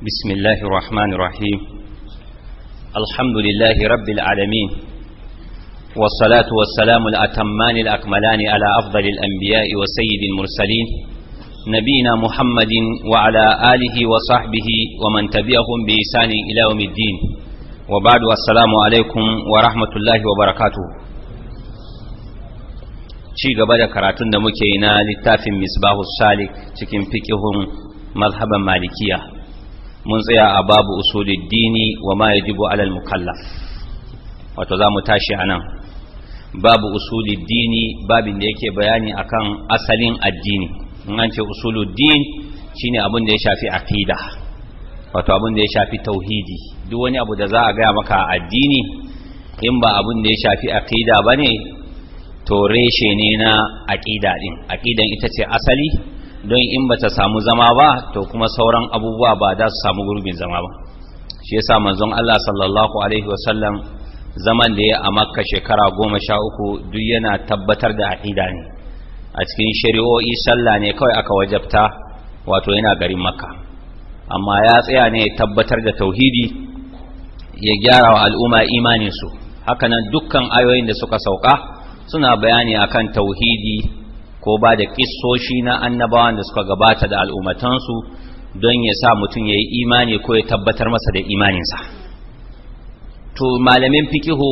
بسم الله الرحمن الرحيم الحمد لله رب العالمين والصلاة والسلام الأتمان الأكملان على أفضل الأنبياء وسيد المرسلين نبينا محمد وعلى آله وصحبه ومن تبعهم بإحسان إلى يوم الدين وبعد السلام عليكم ورحمة الله وبركاته ci gaba da karatun da muke na littafin misbahu salik cikin fikihun mazhaban malikiya mun tsaya a babu usulid dini wa ma yajibu alal mukallaf wato za mu tashi a nan babu usulid dini babin da yake bayani akan asalin addini in an ce usulud din shine abin da ya shafi aqida wato abin da ya shafi tauhidi duk wani abu da za a gaya maka addini in ba abin da ya shafi aqida bane to reshe ne na aqida din aqidan ita ce asali don in bata samu zama ba to kuma sauran abubuwa ba za su samu gurbin zama ba shi yasa manzon Allah sallallahu alaihi wasallam zaman da ya a makka shekara goma sha uku duk yana tabbatar da aqida ne a cikin shari'o'i sallah ne kawai aka wajabta wato yana garin makka amma ya tsaya ne tabbatar da tauhidi ya gyara wa al'umma imaninsu hakanan dukkan ayoyin da suka sauka suna bayani akan tauhidi ko ba da kissoshi na annabawan da suka gabata da al'ummatansu don ya sa mutum ya yi imani ko ya tabbatar masa da imaninsa to malamin fikihu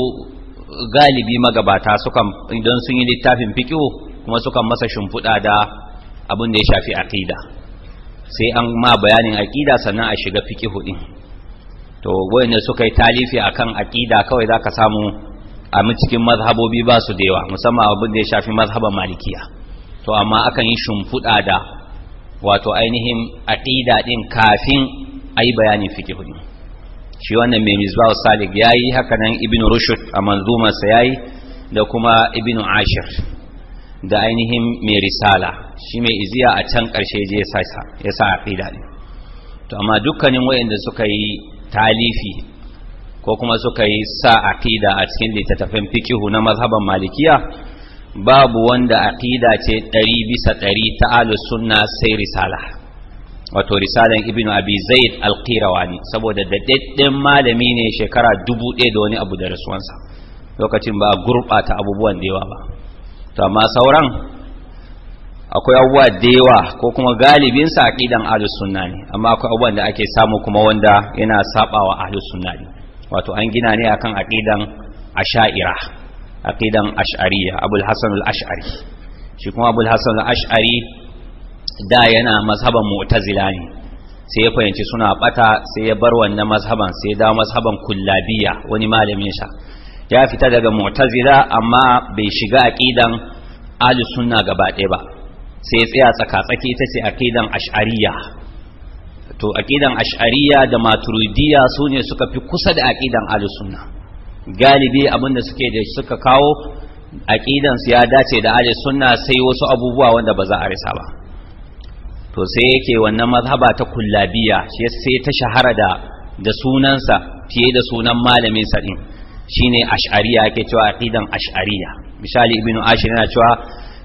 galibi magabata don idan sun yi littafin fikihu kuma sukan masa shimfiɗa da abin da ya shafi aƙida sai an ma bayanin aƙida sannan a shiga fikihu ɗin to wayanda suka yi talifi akan aƙida kawai za ka samu a cikin mazhabobi ba su da yawa musamman abin da ya shafi mazhaban malikiya to amma akan yi shimfuɗa da wato ainihin aqida din kafin ayi bayanin fiqh din shi wannan mai misbahu salik yayi haka nan ibnu rushd a manzuma ya yayi da kuma ibnu ashir da ainihin mai risala shi mai iziya a can karshe je ya sa aqida din to amma dukkanin wayanda suka yi talifi ko kuma suka yi sa aqida a cikin littattafan fikihu na mazhaban malikiya babu wanda aqida ce ɗari bisa ɗari ta ahlus sunna sai risala wato risalan ibnu abi zaid al-qirawani saboda daɗaɗɗen malami ne shekara dubu ɗaya da wani abu da rasuwansa lokacin ba gurɓata abubuwan da yawa ba to amma sauran akwai abubuwa da yawa ko kuma galibinsa aqidan ahlus sunna ne amma akwai abubuwan da ake samu kuma wanda yana sabawa ahlus sunna ne wato an gina ne akan aqidan asha'ira aqidan ash'ariya abul hasan al-ash'ari shi kuma abul hasan al-ash'ari da yana mazhaban mu'tazila ne sai ya fahimci suna bata sai ya bar wannan mazhaban sai da mazhaban kullabiya wani malamin sa ya fita daga mu'tazila amma bai shiga aqidan ahli sunna gaba ɗaya ba sai ya tsaya tsaka tsaki ita ce aqidan ash'ariya to aqidan ash'ariya da maturidiya sune suka fi kusa da aqidan ahli sunna galibi abin da suke da suka kawo a su ya dace da ahli suna sai wasu abubuwa wanda ba za a risa ba to sai yake wannan mazhaba ta kullabiya shi sai ta shahara da da sunansa fiye da sunan malamin sa din shine ash'ariya yake cewa aqidan ash'ariya misali ibnu ashir yana cewa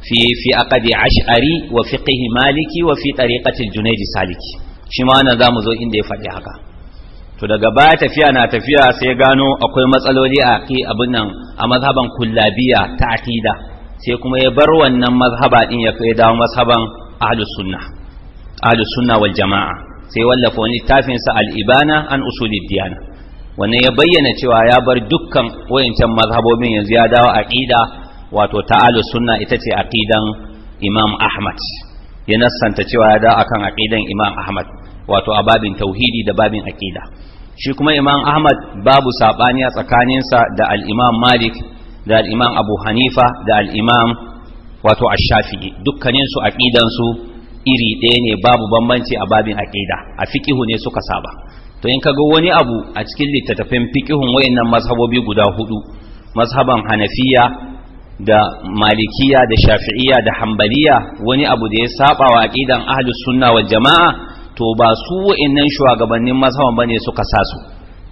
fi fi aqdi ash'ari wa fiqh maliki wa fi tariqati al-junayd saliki shi ma wannan zamu zo inda ya faɗi haka to daga baya tafiya na tafiya sai gano akwai matsaloli a ki abin nan a mazhaban kullabiya ta akida sai kuma ya bar wannan mazhaba din ya kai dawo mazhaban ahlus sunna ahlus sunna wal jamaa sai wallafa wani tafin sa al ibana an usulid diyana wannan ya bayyana cewa ya bar dukkan wayancan mazhabobin yanzu ya dawo aqida wato ta ahlus sunna ita ce aqidan imam ahmad ya nassanta cewa ya dawo akan aqidan imam ahmad wato a babin tauhidi da babin aqida shi kuma imam ahmad babu sabani a tsakaninsa da al-imam malik da al-imam abu hanifa da al-imam wato ash-shafi'i dukkanin su aqidan su iri ɗaya ne babu bambanci a babin aqida a fiqihu ne suka saba to in kaga wani abu a cikin littattafin fiqihun wayannan mazhabobi guda hudu mazhaban hanafiya da malikiya da shafi'iya da hambaliya wani abu da ya saba wa aqidan ahlus sunna wal jama'a to ba su wa'annan shugabannin mazhaban bane suka sa su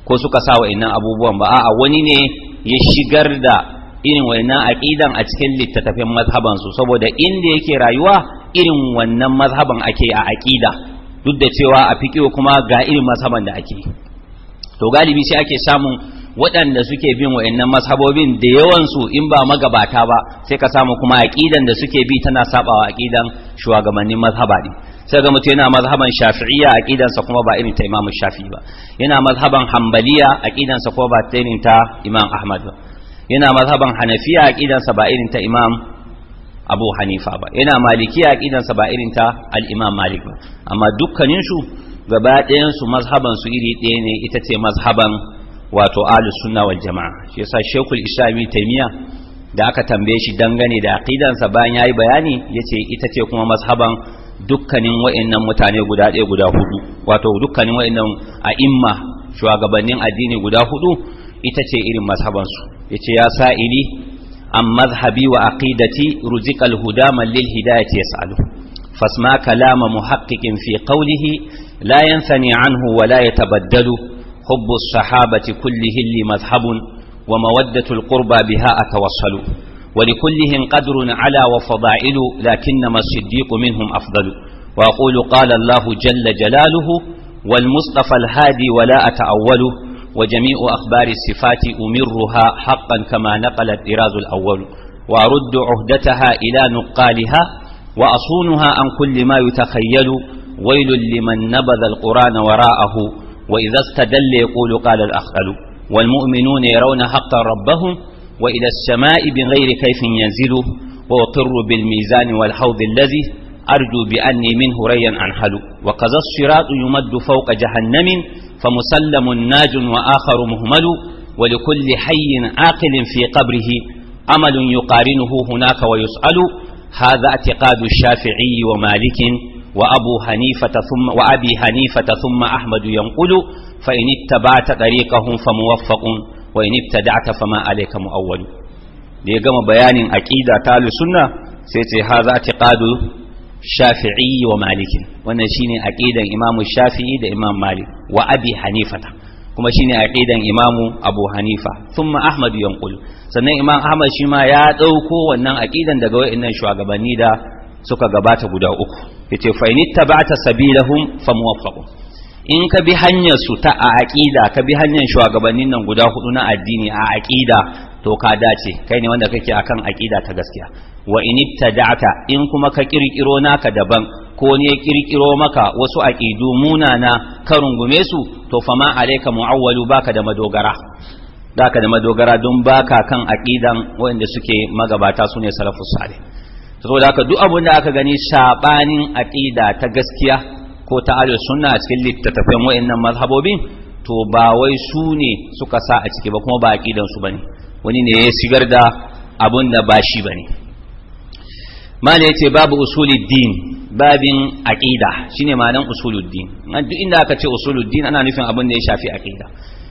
ko suka sa wa'annan abubuwan ba a'a wani ne ya shigar da irin wa'annan aqidan a cikin littattafin mazhaban su saboda inda yake rayuwa irin wannan mazhaban ake a aqida duk da cewa a fiqh kuma ga irin mazhaban da ake to galibi sai ake samun waɗanda suke bin wa'annan mazhabobin da yawansu in ba magabata ba sai ka samu kuma aƙidan da suke bi tana sabawa aƙidan shugabannin mazhaba ne sai ga mutum yana mazhaban shafi'iyya aqidansa kuma ba irin ta imam shafi ba yana mazhaban hanbaliya aqidansa kuma ba ta irin ta imam ahmad ba yana mazhaban hanafiya aqidansa ba irin ta imam abu hanifa ba yana malikiya aqidansa ba irin ta al malik ba amma dukkanin su gaba ɗayan mazhaban su iri ɗaya ne ita ce mazhaban wato ahlus sunna wal jamaa shi yasa shaykhul islami taymiya da aka tambaye shi dangane da aqidansa bayan yayi bayani yace ita ce kuma mazhaban dukkanin wa'annan mutane guda ɗaya guda hudu wato dukkanin wa'annan a'imma shugabannin addini guda hudu ita ce irin mazhabansu yace ya sa'ili an mazhabi wa aqidati ruzikal huda man lil hidayati yas'alu fasma kalama muhaqqiqin fi qawlihi la yansani anhu wa la yatabaddalu hubbu as-sahabati kullihim li mazhabun wa mawaddatul qurba biha atawassalu ولكلهم قدر على وفضائل لكنما الصديق منهم أفضل وأقول قال الله جل جلاله والمصطفى الهادي ولا أتأوله وجميع أخبار الصفات أمرها حقا كما نقل الطراز الأول وأرد عهدتها إلى نقالها وأصونها عن كل ما يتخيل ويل لمن نبذ القرآن وراءه وإذا استدل يقول قال الأخل والمؤمنون يرون حقا ربهم وإلى السماء بغير كيف ينزل وأطر بالميزان والحوض الذي أرجو بأني منه ريا أنحل وقذا الصراط يمد فوق جهنم فمسلم ناج وآخر مهمل ولكل حي عاقل في قبره أمل يقارنه هناك ويسأل هذا اعتقاد الشافعي ومالك وأبو حنيفة ثم وأبي حنيفة ثم أحمد ينقل فإن اتبعت طريقهم فموفق wa in ibtada'ta fama alayka muawwal da ya gama bayanin aqida ta sunna sai ce haza i'tiqadu shafi'i wa maliki wannan shine aqidan imam shafi'i da imam malik wa abi hanifata kuma shine aqidan imam abu hanifa thumma ahmad yanqul sannan imam ahmad shi ma ya dauko wannan aqidan daga wayannan shugabanni da suka gabata guda uku yace fa in ittaba'ta sabilahum famuwaffaqun in ka bi hanyar su ta a aƙida ka bi hanyar shugabannin nan guda hudu na addini a aƙida to ka dace kai ne wanda kake akan aƙida ta gaskiya wa in ittada'ta in kuma ka kirkiro naka daban ko ne kirkiro maka wasu aƙidu munana ka rungume su to fama alayka mu'awwalu baka da madogara baka da madogara don baka kan aqidan waɗanda suke magabata sune salafus salih saboda haka duk abun da aka gani sabanin aqida ta gaskiya ko ta ahlus sunna a cikin littattafan wayannan mazhabobin to ba wai su ne suka sa a ciki ba kuma ba aqidan su bane wani ne ya sigar da abun da ba shi bane mala yace babu din babin aqida shine ma'anan din duk inda aka ce din ana nufin abun da ya shafi aqida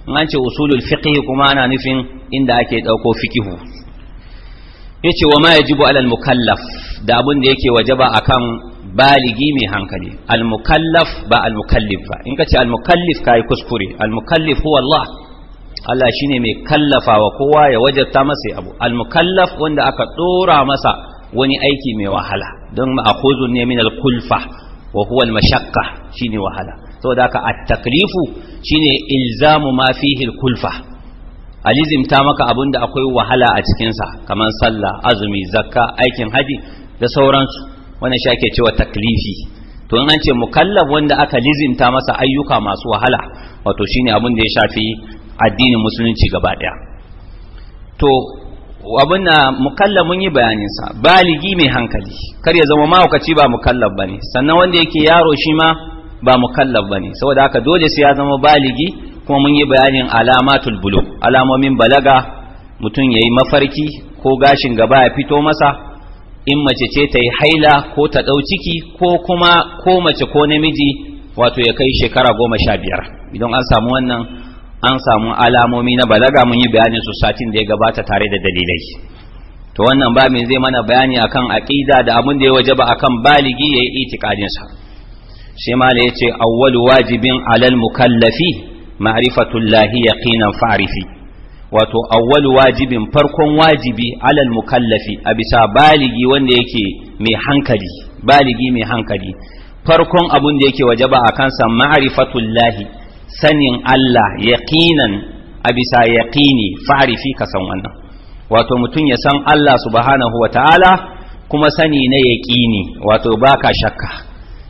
in an ce usulul fiqh kuma ana nufin inda ake dauko fiqhu yace wa ma yajibu alal mukallaf da abun da yake wajaba akan baligi mai hankali al-mukallaf ba al-mukallif ba in ka ce al-mukallif yi kuskure al-mukallif huwa Allah Allah shine mai kallafa wa kowa ya wajabta masa abu al-mukallaf wanda aka dora masa wani aiki mai wahala don ma'khuzun ne min al-kulfa wa huwa al-mashaqqa shine wahala saboda haka at-taklifu shine ilzamu ma fihi al-kulfa alizimta maka da akwai wahala a cikinsa kamar sallah azumi zakka aikin haji da sauransu wannan shi ake cewa taklifi to in an ce mukallaf wanda aka lizimta masa ayyuka masu wahala wato shine abin da ya shafi addinin musulunci gaba daya to abin da mukallaf mun yi bayanin sa baligi mai hankali kar ya zama mahaukaci ba mukallaf bane sannan wanda yake yaro shi ma ba mukallaf bane saboda haka dole sai ya zama baligi kuma mun yi bayanin alamatul bulu alamomin balaga mutum yayi mafarki ko gashin gaba ya fito masa in mace ce ta yi haila ko ta ɗau ciki ko kuma ko mace ko namiji wato ya kai shekara goma sha biyar idan an samu wannan an samu alamomi na balaga mun yi bayanin su satin da ya gabata tare da dalilai to wannan ba zai mana bayani akan aqida da abin da ya ba akan baligi yayi itikadin sa sai mala ce awwalu wajibin alal mukallafi ma'rifatullahi yaqinan fa'rifi wato awwalu wajibin farkon wajibi alal mukallafi a bisa baligi wanda yake mai hankali baligi mai hankali farkon abun da yake wajaba a kansa ma'rifatullahi sanin Allah yaqinan a bisa yaqini fa'rifi ka san wannan wato mutum ya san Allah subhanahu wata'ala kuma sani na yaqini wato baka shakka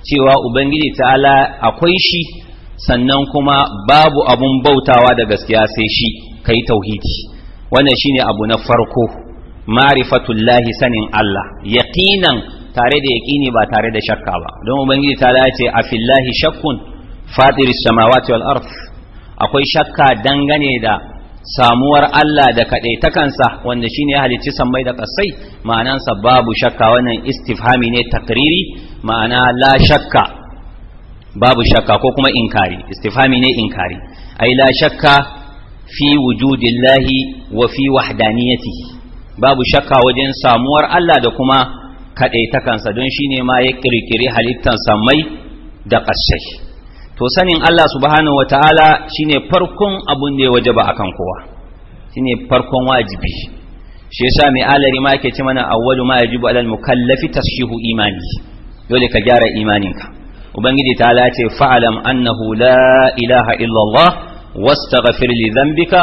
cewa ubangiji ta'ala akwai shi sannan kuma babu abun bautawa da gaskiya sai shi ka yi tauhidi wannan shine abu na farko marifatullahi sanin Allah yaqinan tare da yaqini ba tare da shakka ba don ubangiji ta ce a fillahi shakkun fatiris samawati wal ard akwai shakka dangane da samuwar Allah da kaɗai takansa wanda shine ya halicci sammai da ƙasai ma'anansa babu shakka wannan istifhami ne takriri ma'ana la shakka babu shakka ko kuma inkari istifhami ne inkari ai la shakka fi wujudillahi wa fi babu shakka wajen samuwar Allah da kuma kaɗaitakansa don shine ma ya kirkiri halittan samai da ƙasai to sanin Allah subhanahu wa ta'ala shine farkon abun da ya wajaba akan kowa shine farkon wajibi shi yasa mai alari ma yake ci mana awwalu ma yajibu alal mukallafi tashihu imani dole ka gyara imaninka ubangiji ta ce fa'alam annahu la ilaha illallah واستغفر لذنبك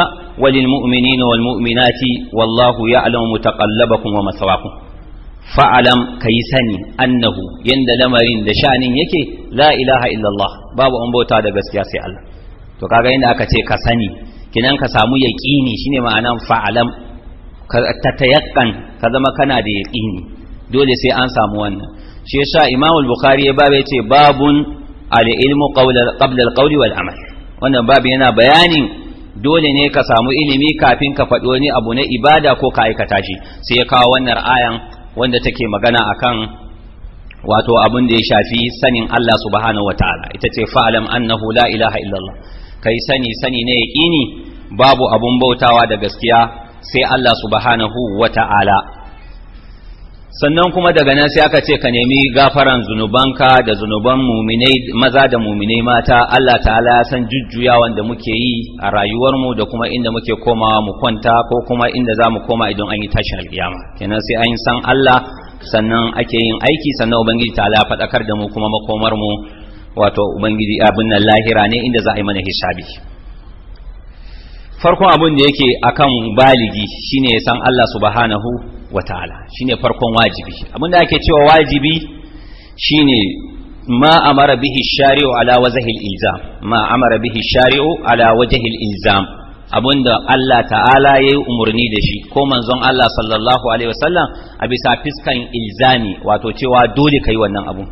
وللمؤمنين والمؤمنات والله يعلم متقلبكم ومثواكم فاعلم كيسني أنه يند لمرين دشان يكي لا إله إلا الله باب أنبوتا دا قسكي سي الله to kaga inda aka ce ka sani kinan ka samu yaqini shine ma'anan fa'alam ka yaƙan ka zama kana da yaƙini dole sai an samu wannan shi yasa Imam bukhari ya babe ce babun al-ilmu qabla al wannan babu yana bayanin dole ne ka samu ilimi kafin ka faɗi wani abu na ibada ko ka aikata shi sai ya kawo wannan ayan wanda take magana akan wato abin da ya shafi sanin Allah subhanahu wataala ita ce fa'alam annahu la ilaha illallah kai sani sani ne yaqini babu abun bautawa da gaskiya sai Allah subhanahu wataala sannan kuma daga nan sai aka ce ka nemi gafaran zunubanka da zunuban muminai maza da muminai mata Allah ta'ala ya san jujjuya wanda muke yi a rayuwarmu da kuma inda muke komawa mu kwanta ko kuma inda za mu koma idan an yi tashin alkiyama kenan sai an san Allah sannan ake yin aiki sannan ubangiji ta'ala ya faɗakar da mu kuma makomar mu wato ubangiji abin nan lahira ne inda za a yi mana hisabi farkon abin da yake akan baligi shine ya san Allah subhanahu wa shine farkon wajibi abinda ake cewa wajibi shine ma amara bihi shari'u ala wajhi ilzam ma amara bihi shari'u ala wajhi ilzam abinda Allah ta'ala ya yi umurni da shi ko manzon Allah sallallahu alaihi wasallam a bisa fiskan ilzami wato cewa dole kai wannan abu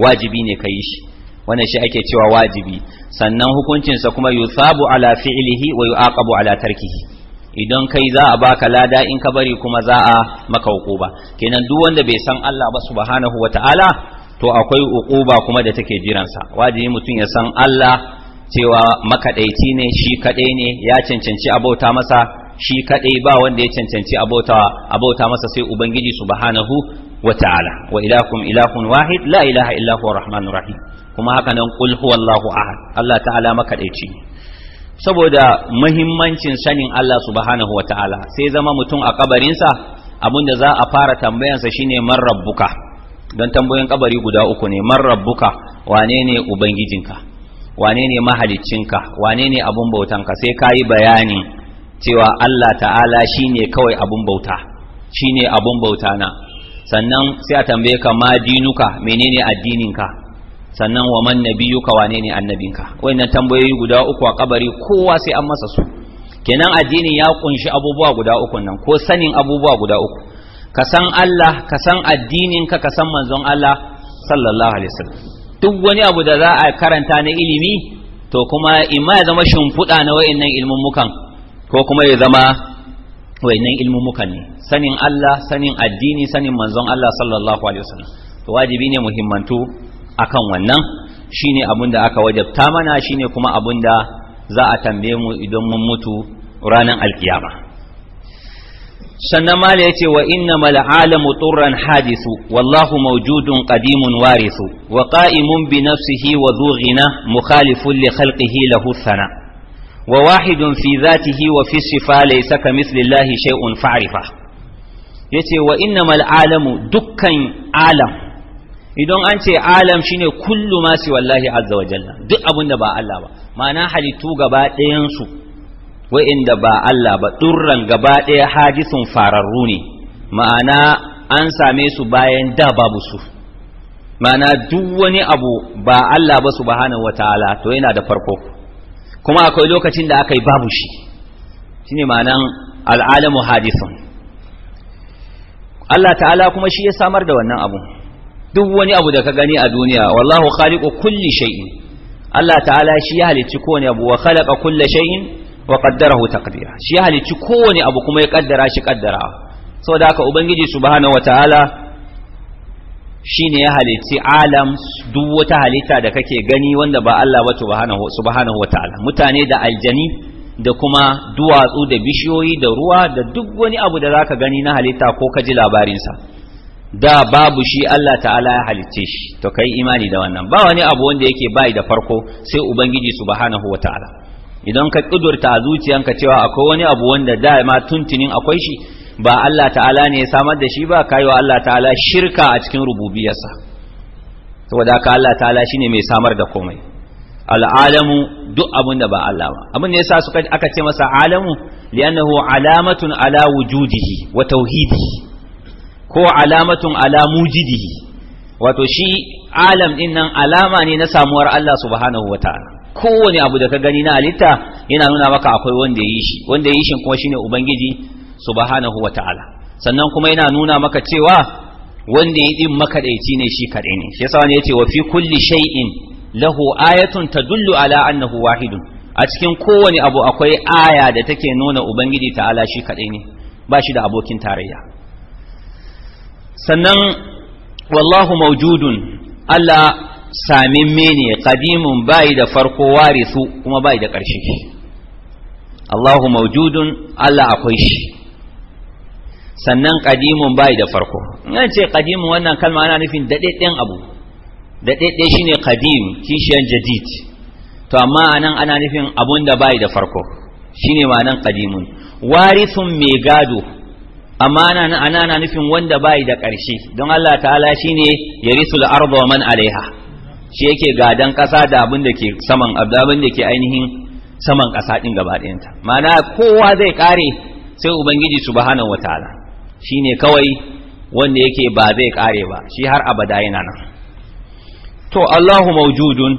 wajibi ne kai shi wannan shi ake cewa wajibi sannan hukuncinsa kuma yusabu ala fi'lihi wa yu'aqabu ala tarkihi idan kai za a baka lada in ka bari kuma za a maka hukuba kenan duk wanda bai san Allah ba subhanahu wataala to akwai hukuba kuma da take jiransa wajibi mutum ya san Allah cewa makadaici ne shi kadai ne ya cancanci abota masa shi kadai ba wanda ya cancanci abota abota masa sai ubangiji subhanahu wataala wa ilakum ilahun wahid la ilaha illa huwa rahmanur rahim kuma haka nan qul huwallahu ahad Allah ta'ala makadaici ne saboda mahimmancin sanin Allah subhanahu wa ta'ala sai zama mutum a kabarinsa abinda za a fara tambayansa shine man rabbuka don tambayoyin kabari guda uku ne man rabbuka wane ne ubangijinka wane ne mahalicinka wane ne abun bautanka sai ka yi bayanin cewa Allah ta'ala shine kawai abun bauta shine abun bauta na sannan sai a tambaye ka ma dinuka menene addininka sannan wa man ka wane ne annabinka wayannan tambayoyi guda uku a kabari kowa sai an masa su kenan addini ya kunshi abubuwa guda uku nan ko sanin abubuwa guda uku ka san Allah ka san addinin ka ka san manzon Allah sallallahu alaihi wasallam duk wani abu da za a karanta na ilimi to kuma imma ya zama shimfiɗa na wayannan ilmummukan ko kuma ya zama wayannan ilmummukan ne sanin Allah sanin addini sanin manzon Allah sallallahu alaihi wasallam to wajibi ne muhimmantu akan wannan shine abin aka wajabta mana shine kuma abin da za a tambaye mu idan mun mutu ranar alkiyama sannan mala yace wa innamal alamu turran hadisu wallahu mawjudun qadimun warisu wa qa'imun bi nafsihi wa dhu mukhalifun li khalqihi lahu sana wa wahidun fi dhatihi wa fi sifa laysa kamithlillahi shay'un fa'rifa yace wa innamal alamu dukkan alam idan an ce alam shine kullu ma si wallahi azza wa jalla duk abin da ba Allah ba ma'ana halittu gaba ɗayan su wa'inda ba Allah ba durran gaba ɗaya hadisun fararru ne ma'ana an same su bayan da babu su ma'ana duk wani abu ba Allah ba subhanahu wataala to yana da farko kuma akwai lokacin da aka yi babu shi shine ma'anan al'alamu hadisun Allah ta'ala kuma shi ya samar da wannan abu duk wani abu da ka gani a duniya wallahu khaliqu kulli shay'in Allah ta'ala shi ya halicci kowane abu wa khalaqa kulli shay'in wa qaddarahu taqdira shi ya halicci kowane abu kuma ya kaddara shi kaddara saboda haka ubangiji subhanahu wataala shine ya halicci alam duk wata halitta da kake gani wanda ba Allah ba subhanahu subhanahu wataala mutane da aljani da kuma duwatsu da bishiyoyi da ruwa da duk wani abu da zaka gani na halitta ko ka ji labarinsa da babu shi Allah ta'ala ya halicce shi to kai imani da wannan ba wani abu wanda yake bai da farko sai ubangiji subhanahu wata'ala idan ka kudurta a zuciyanka cewa akwai wani abu wanda da ma tuntunin akwai shi ba Allah ta'ala ne ya samar da shi ba kai wa Allah ta'ala shirka a cikin rububiyarsa saboda haka Allah ta'ala shine mai samar da komai al'alamu duk abin da ba Allah ba abin da yasa suka aka ce masa alamu li'annahu alamatun ala wujudihi wa tauhidihi ko alamatun ala mujidihi wato shi alam din nan alama ne na samuwar Allah subhanahu wataala kowane abu da ka gani na alitta yana nuna maka akwai wanda ya yi shi wanda ya yi shi kuma shine ubangiji subhanahu wataala sannan kuma yana nuna maka cewa wanda ya din makadaici ne shi kadai ne shi yasa wani yace wa fi kulli shay'in lahu ayatun tadullu ala annahu wahidun a cikin kowane abu akwai aya da take nuna ubangiji ta'ala shi kadai ne ba shi da abokin tarayya sannan wallahu maujudun Allah samin mene qadimun bai da farko warisu kuma bai da ƙarshe Allahu maujudun Allah akwai shi sannan qadimun bai da farko in an ce qadimun wannan kalma ana nufin daɗaɗɗen abu daɗaɗɗe shine qadim kishiyan jadid to amma anan ana nufin abun da bai da farko shine ma'anan qadimun warisun mai gado amma ana na nufin wanda bai da ƙarshe don Allah ta'ala shine yarisul arda wa man alaiha shi yake gadan ƙasa da abin da ke saman abin da ke ainihin saman ƙasa ɗin gaba ɗayanta ma'ana kowa zai ƙare sai ubangiji subhanahu wataala shine kawai wanda yake ba zai ƙare ba shi har abada yana nan to Allahu mawjudun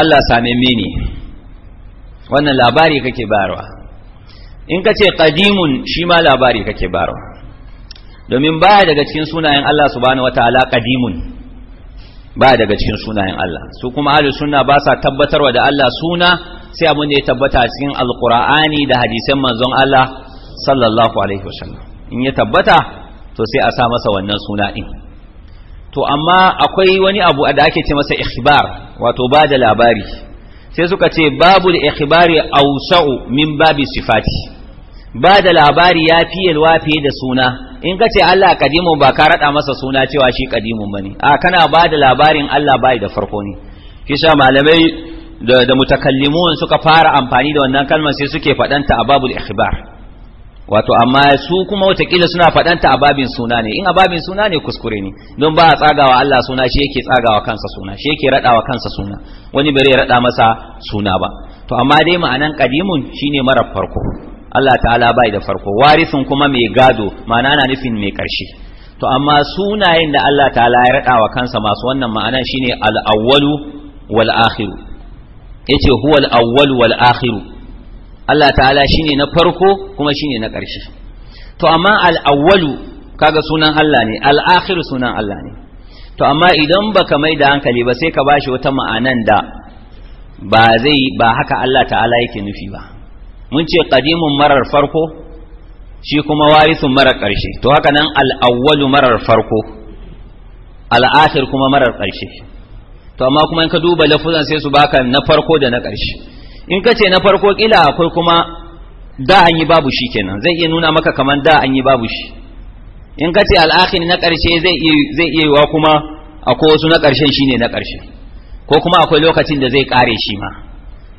Allah same ne wannan labari kake bayarwa in ka ce qadimun shi ma labari kake baro domin baya daga cikin sunayen Allah subhanahu wataala qadimun baya daga cikin sunayen Allah su kuma ahlus sunna ba sa tabbatarwa da Allah suna sai abin da ya tabbata cikin alqur'ani da hadisan manzon Allah sallallahu alaihi wasallam in ya tabbata to sai a sa masa wannan suna din to amma akwai wani abu da ake ce masa ikhbar wato ba da labari sai suka ce babul ikhbari awsa'u min babi sifati ba da labari ya fi yalwa fiye da suna in ka ce Allah kadimun ba ka rada masa suna cewa shi kadimun ba ne a kana ba da labarin Allah bai da farko ne kisa malamai da, da mutakallimun suka fara amfani da wannan kalmar sai suke faɗanta a babul ikhbar wato amma su kuma watakila suna faɗanta a babin suna ne in a babin suna ne kuskure ne don ba a tsagawa Allah suna shi yake tsagawa kansa suna shi yake wa kansa suna wani bare raɗa masa suna ba to amma dai ma'anan kadimun shine mara farko Allah ta'ala bai da farko warisin kuma mai gado ma'ana na nufin mai karshe to amma sunayen da Allah ta'ala ya rada wa kansa masu wannan ma'ana shine al-awwalu wal akhiru yace huwa al-awwalu wal akhiru Allah ta'ala shine na farko kuma shine na karshe to amma al-awwalu kaga sunan Allah ne al-akhiru sunan Allah ne to amma idan baka mai da hankali ba sai ka bashi wata ma'anan da ba zai ba haka Allah ta'ala yake nufi ba mun ce qadimun marar farko shi kuma warisun marar ƙarshe to haka nan al'awwalu marar farko al'ashir kuma marar ƙarshe to amma kuma in ka duba lafuzan sai su baka na farko da na ƙarshe in ka ce na farko ƙila akwai kuma da an yi babu shi kenan zai iya nuna maka kaman da an yi babu shi in ka ce al'akhir na ƙarshe zai iya yi wa kuma akwai wasu na ƙarshen shine na ƙarshe ko kuma akwai lokacin da zai ƙare shi ma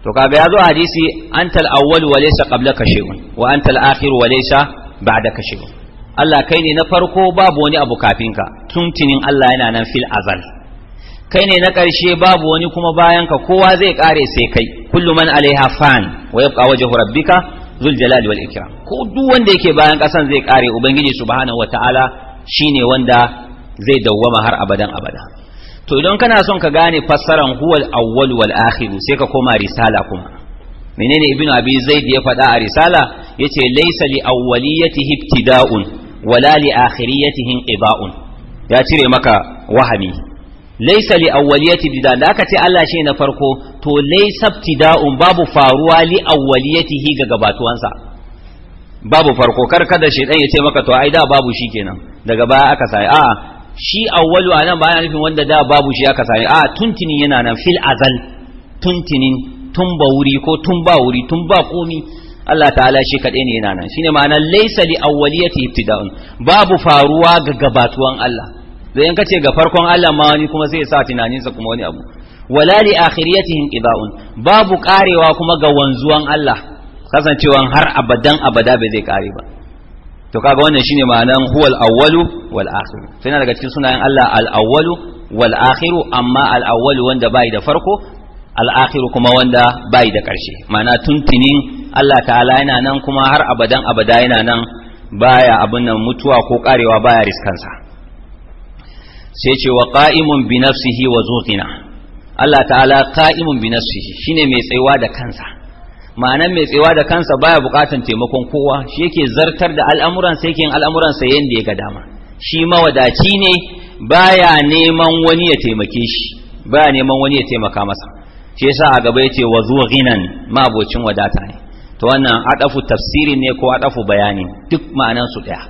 to kaga ya zo hadisi antal awwal wa laysa qablaka shay'un wa antal akhir wa laysa ba'daka shay'un Allah kai ne na farko babu wani abu kafinka tinin Allah yana nan fil azal kai ne na ƙarshe babu wani kuma bayan ka kowa zai ƙare sai kai kullu man alaiha fan wa yabqa wajhu rabbika zul jalali wal ikram ko duk wanda yake bayan ƙasan zai kare ubangiji subhanahu wataala shine wanda zai dawwama har abadan abada to idan kana son ka gane fassaran huwal awwal wal akhir sai ka koma risala kuma menene ibnu abi zaid ya faɗa a risala yace laysa li awwaliyati ibtida'un wala li akhiriyatihi inqida'un ya cire maka wahami laysa li awwaliyati ibtida'un da aka ce Allah shi na farko to laysa ibtida'un babu faruwa li awwaliyatihi ga gabatuwansa babu farko kar kada shedan ya ce maka to ai da babu shikenan daga baya aka sai a'a shi awwalu anan ba yana nufin wanda da babu shi aka sami a tuntinin yana nan fil azal tuntinin tun ba wuri ko tun ba wuri tun ba komi Allah ta'ala shi kaɗai ne yana nan shine ma'ana laysa li awwaliyati ibtida'un babu faruwa ga gabatuwan Allah da in kace ga farkon Allah ma wani kuma sai sa tunaninsa kuma wani abu wala li akhiriyatihim ibaun babu karewa kuma ga wanzuwan Allah kasancewan har abadan abada bai zai kare ba to kaga wannan shine ma'anan huwal awwalu wal akhir to yana daga cikin sunayen Allah al awwalu wal akhiru amma al awwalu wanda bai da farko al akhiru kuma wanda bai da karshe ma'ana tuntunin Allah ta'ala yana nan kuma har abadan abada yana nan baya abin nan mutuwa ko karewa baya riskansa sai ce wa qa'imun bi nafsihi wa zuqina Allah ta'ala qa'imun bi nafsihi shine mai tsayuwa da kansa ma'anan mai tsewa da kansa baya bukatan taimakon kowa shi yake zartar da al'amuran sai yake yin al'amuran sa yanda ya ga dama shi mawadaci ne baya neman wani ya taimake shi baya neman wani ya taimaka masa shi yasa a gaba yace wa zuwa ghinan mabocin wadata ne to wannan adafu tafsiri ne ko adafu bayani duk ma'anan su daya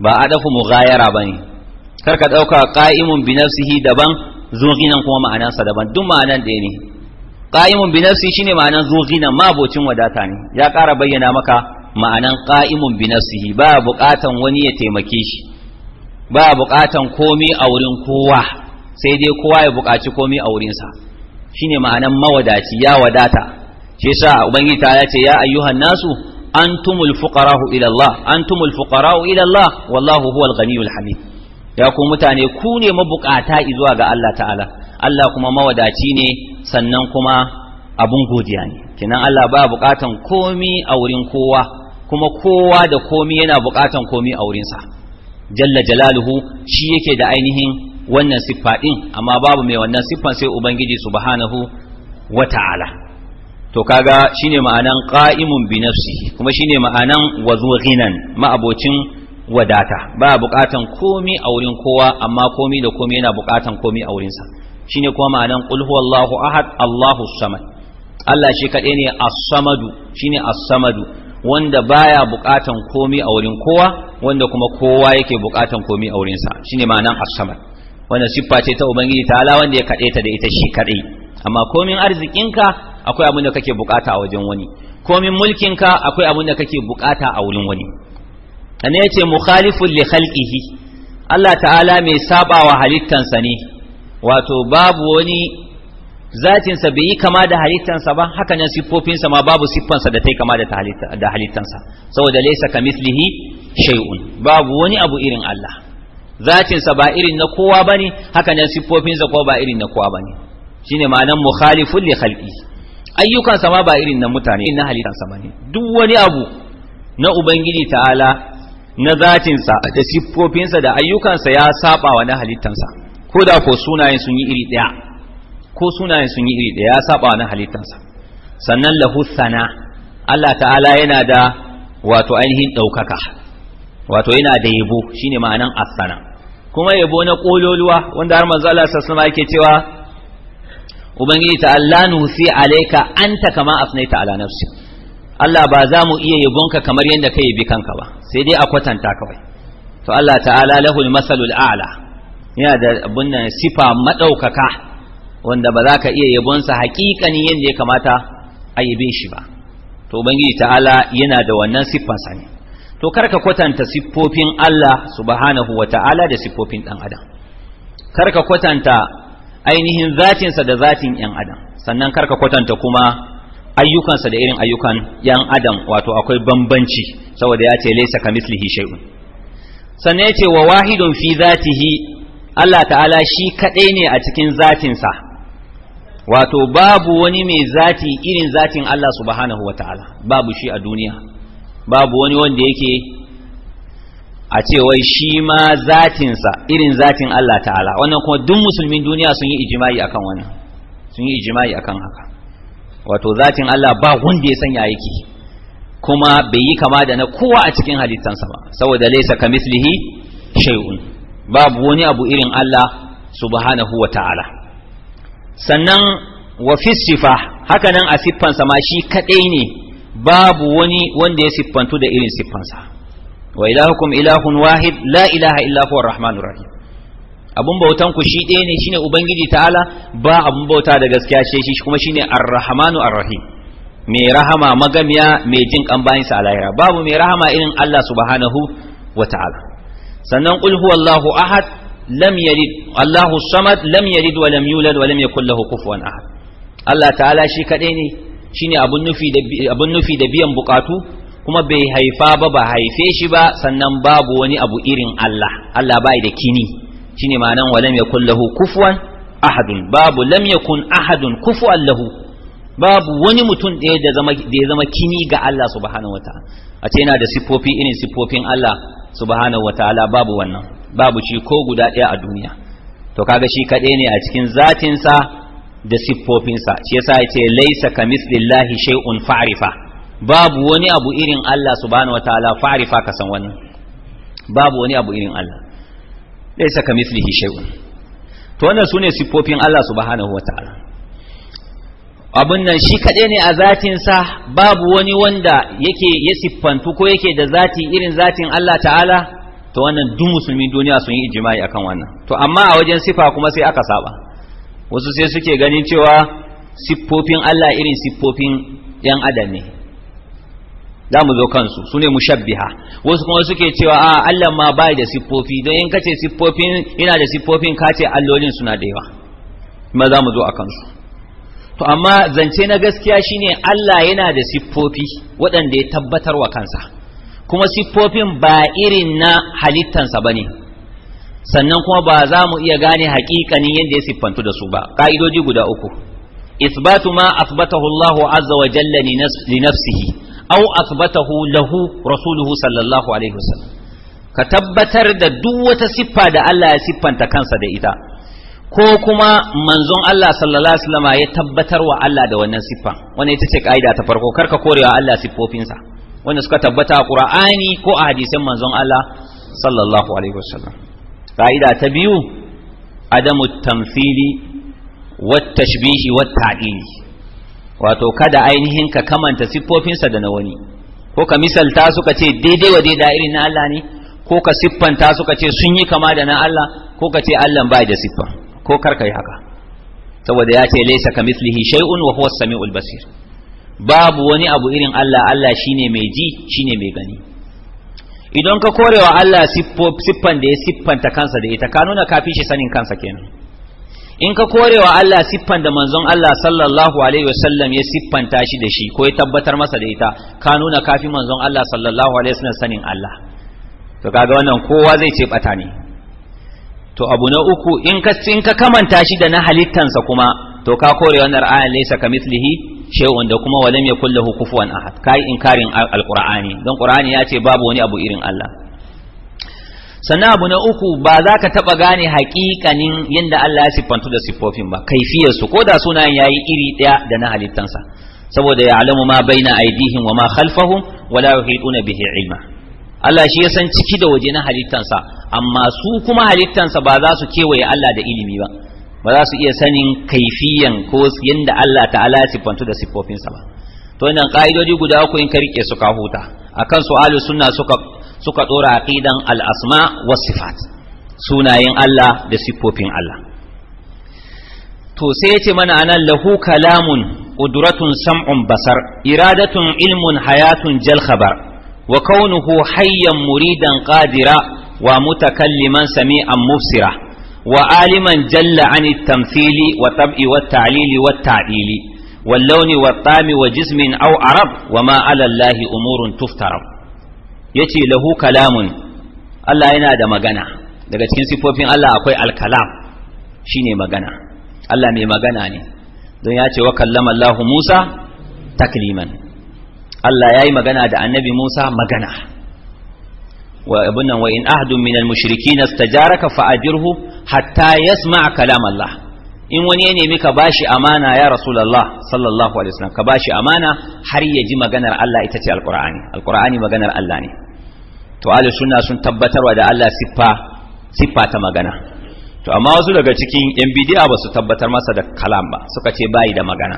ba adafu mughayara bane kar ka dauka qa'imun bi nafsihi daban zuwa ghinan kuma ma'anansa daban duk ma'anan ɗaya ne qa'imun bi nafsi shine ma'anan zuzina mabocin wadata ne ya kara bayyana maka ma'anan qa'imun bi nafsihi ba buƙatan wani ya taimake shi ba buƙatan komai a wurin kowa sai dai kowa ya buƙaci komai a wurin sa shine ma'anan mawadaci ya wadata shi yasa ubangiji ta ya ce ya ayyuhan nasu antumul fuqara'u ila Allah antumul fuqara'u ila Allah wallahu huwal ghaniyyul hamid ya ku mutane ku ne mabukata zuwa ga Allah ta'ala Allah kuma mawadaci ne sannan kuma abun godiya ne kinan Allah ba buƙatan komi a wurin kowa kuma kowa da komi yana buƙatan komi a wurinsa jalla jalaluhu shi yake da ainihin wannan siffa din amma babu mai wannan siffan sai ubangiji subhanahu wata'ala to kaga shine ma'anan qa'imun bi nafsi kuma shine ma'anan wazu ghinan ma'abocin wadata ba buƙatan komi a wurin kowa amma komi da komi yana buƙatan komi a wurinsa shine kuma ma'anan qul huwallahu ahad Allahu samad Allah shi kaɗai ne as-samadu shine as-samadu wanda baya bukatan komai a wurin kowa wanda kuma kowa yake bukatan komai a wurin sa shine ma'anan as-samad wannan siffa ce ta ubangiji ta'ala wanda ya kade ta da ita shi kaɗai amma komin arzikinka akwai abin da kake bukata a wajen wani komin mulkinka akwai abin da kake bukata a wurin wani ana yace ce mukhalifun li khalqihi Allah ta'ala mai saɓawa halittansa ne wato babu wani zatinsa bai yi kama da halittansa ba haka nan siffofinsa ma babu siffansa da ta yi kama da halittansa saboda laisa ka mislihi shay'un babu wani abu irin Allah zatinsa ba irin na kowa bane haka nan siffofinsa ko ba irin na kowa ba bane shine ma'anan mukhalifun li khalqi ayyukansa ma ba irin na mutane na halittansa ba ne duk wani abu na ubangiji ta'ala na zatinsa da siffofinsa da ayyukansa ya saba wa na halittansa ko da ko sunayen sun yi iri ɗaya ko sunayen sun yi iri ɗaya ya saba wa na halittansa sannan lahu sana Allah ta'ala yana da wato ainihin ɗaukaka wato yana da yabo shine ma'anan asana kuma yabo na ƙololuwa wanda har manzo Allah sallallahu alaihi cewa ubangiji ta Allah nusi alayka anta kama asnaita ala nafsi Allah ba za mu iya yabonka kamar yadda kai bi kanka ba sai dai a kwatanta kawai to Allah ta'ala lahul masalul a'la yana da abun nan sifa maɗaukaka wanda ba za ka iya yabonsa hakikani yadda ya kamata a yabe shi ba to ubangiji ta'ala yana da wannan siffansa ne to kar ka kwatanta siffofin Allah subhanahu wa ta'ala da siffofin dan adam ka kwatanta ainihin zatinsa da zatin yan adam sannan kar ka kwatanta kuma ayyukansa da irin ayyukan yan adam wato akwai bambanci saboda ya ce laisa ka mislihi shay'un sannan ce wa wahidun fi zatihi Allah ta'ala shi kaɗai ne a cikin zatinsa wato babu wani mai zati irin zatin Allah subhanahu wa ta'ala babu shi a duniya babu wani wanda yake a ce shi ma zatinsa irin zatin Allah ta'ala wannan kuma duk musulmin duniya sun yi ijimai akan wannan sun yi ijimai akan haka wato zatin Allah ba wanda ya sanya yake kuma bai yi kama da na kowa a cikin halittansa ba saboda laysa kamislihi shay'un babu wani abu irin Allah subhanahu wa ta'ala sannan wa hakanan sifa haka nan a siffansa ma shi kaɗai ne babu wani wanda ya siffantu da irin siffansa wa ilahukum ilahun wahid la ilaha illa huwa rahmanur rahim abun bautan ku shi ɗaya ne shine ubangiji ta'ala ba abun bauta da gaskiya shi shi kuma shine ar-rahmanu ar-rahim mai rahama magamiya mai jin kan a lahira babu mai rahama irin Allah subhanahu wa ta'ala sannan qul huwallahu ahad lam yalid Allahu samad lam yalid wa lam yulad wa lam yakul lahu kufuwan ahad Allah ta'ala shi kadai ne shine abun nufi da abun nufi da biyan bukatu kuma bai haifa ba ba haife shi ba sannan babu wani abu irin Allah Allah bai da kini shine ma'anan wa lam yakul lahu kufuwan ahadun babu lam yakun ahadun kufuwan lahu babu wani mutum ɗaya da ya zama kini ga Allah subhanahu wa a ce yana da siffofi irin siffofin Allah subhanahu wataala babu wannan babu shi ko guda ɗaya a duniya to kaga shi kaɗai ne a cikin zatinsa da siffofinsa shi yasa yace laisa kamislillahi shay'un fa'rifa babu wani abu irin Allah subhanahu wataala fa'rifa ka san wannan babu wani abu irin Allah laisa kamislihi shay'un to wannan sune siffofin Allah subhanahu wataala abun nan shi kaɗai ne a zatinsa babu wani wanda yake ya siffantu ko yake da zati irin zatin Allah ta'ala to wannan duk musulmi duniya sun yi ijimai akan wannan to amma a wajen sifa kuma sai aka saba wasu sai suke ganin cewa siffofin Allah irin siffofin yan adam ne za mu zo kansu su ne mushabbiha wasu kuma suke cewa a Allah ma bai da siffofi don in kace siffofin yana da siffofin kace allolin suna da yawa kuma za mu zo a kansu to amma zance na gaskiya shine Allah yana da siffofi waɗanda ya tabbatar wa kansa kuma siffofin ba irin na halittansa ba ne sannan kuma ba za mu iya gane haƙiƙanin yadda ya siffantu da su ba ƙa'idoji guda uku isbatu ma asbatahu Allahu azza wa jalla li nafsihi aw asbatahu lahu rasuluhu sallallahu alaihi wasallam ka tabbatar da duk wata siffa da Allah ya siffanta kansa da ita ko kuma manzon Allah sallallahu alaihi wasallam ya tabbatar wa Allah da wannan siffan wanda ita ce kaida ta farko karka korewa Allah siffofinsa wanda suka tabbata a Qur'ani ko a hadisin manzon Allah sallallahu alaihi wasallam kaida ta biyu adamu tamthili wa tashbihi wa ta'dili wato kada ainihin ka kamanta siffofinsa da na wani ko ka misalta suka ce daidai wa daidai irin na Allah ne ko ka siffanta suka ce sun yi kama da na Allah ko ka ce Allah bai da siffa ko kar ka yi haka saboda ya ce laysa kamislihi shay'un wa huwa as-sami'ul basir babu wani abu irin Allah Allah shine mai ji shine mai gani idan ka korewa Allah siffan da ya siffanta kansa da ita ka nuna kafi shi sanin kansa kenan in ka korewa Allah siffan da manzon Allah sallallahu alaihi wasallam ya siffanta shi da shi ko ya tabbatar masa da ita ka nuna kafi manzon Allah sallallahu alaihi wasallam sanin Allah to kaga wannan kowa zai ce bata ne to abu na uku in ka in ka kamanta shi da na halittansa kuma to ka kore wannan ayan laysa kamithlihi shay'un da kuma walam yakul lahu kufuwan ahad kai inkarin alqur'ani dan qur'ani ya ce babu wani abu irin Allah sannan abu na uku ba za ka taba gane hakikanin yadda Allah ya siffantu da siffofin ba kaifiyarsu ko da sunayen yayi iri ɗaya da na halittansa saboda ya alamu ma baina aidihim wa ma khalfahum wala na bihi ilma Allah shi ya san ciki da waje na halittansa amma su kuma halittansa ba za su kewaye Allah da ilimi ba ba za su iya sanin kaifiyan ko yadda Allah ta'ala ya siffantu da siffofinsa ba to wannan ka'idoji guda uku in ka rike su ka huta akan su alu sunna suka suka dora aqidan al asma was sifat sunayen Allah da siffofin Allah to sai ya ce mana anan lahu kalamun qudratun sam'un basar iradatun ilmun hayatun jal khabar wa kaunuhu hayyan muridan qadira wa mutakalliman sami'an mufsira wa aliman jalla an tamthili wa tab'i wa ta'lili wa ta'dili wal launi wa tami wa jismin au arab wa ma ala allahi umurun tuftarab yace lahu kalamun Allah yana da magana daga cikin sifofin Allah akwai al-kalam shine magana Allah mai magana ne don ya ce wa kallama Musa takliman Allah ya yi magana da annabi Musa magana wa abun nan wa in ahdun min al-mushrikin istajaraka fa'ajirhu hatta a kalam Allah in wani ya nemi ka bashi amana ya rasulallah sallallahu alaihi wasallam ka bashi amana har ya ji maganar Allah ita ce alqur'ani alqur'ani maganar Allah ne to ahli sunna sun tabbatarwa da Allah siffa siffa ta magana to amma wasu daga cikin yan bid'a ba su tabbatar masa da kalam ba suka ce bayi da magana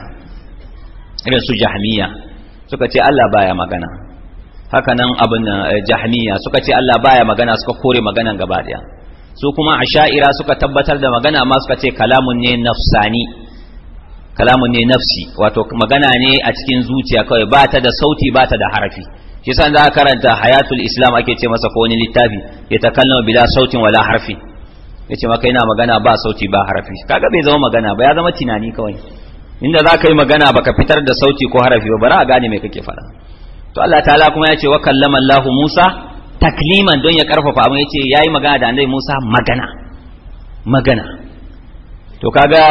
irin su jahmiya suka ce Allah baya magana haka nan abin eh, jahmiya suka ce Allah baya magana suka kore maganan gaba daya su kuma asha'ira suka tabbatar da magana amma suka ce kalamun ne nafsani kalamun ne nafsi wato magana ne a cikin zuciya kawai ba ta da sauti ba ta da harafi shi san da karanta hayatul islam ake ce masa ko wani littafi ya takallama bila sautin wala harfi yace maka yana magana ba sauti ba harafi kaga bai zama magana ba ya zama tunani kawai inda za ka yi magana baka fitar da sauti ko harafi ba bara a gane mai kake faɗa to Allah ta'ala kuma ya ce wa kallama Allah Musa takliman don ya karfafa ce yace yi magana da annabi Musa magana magana to kaga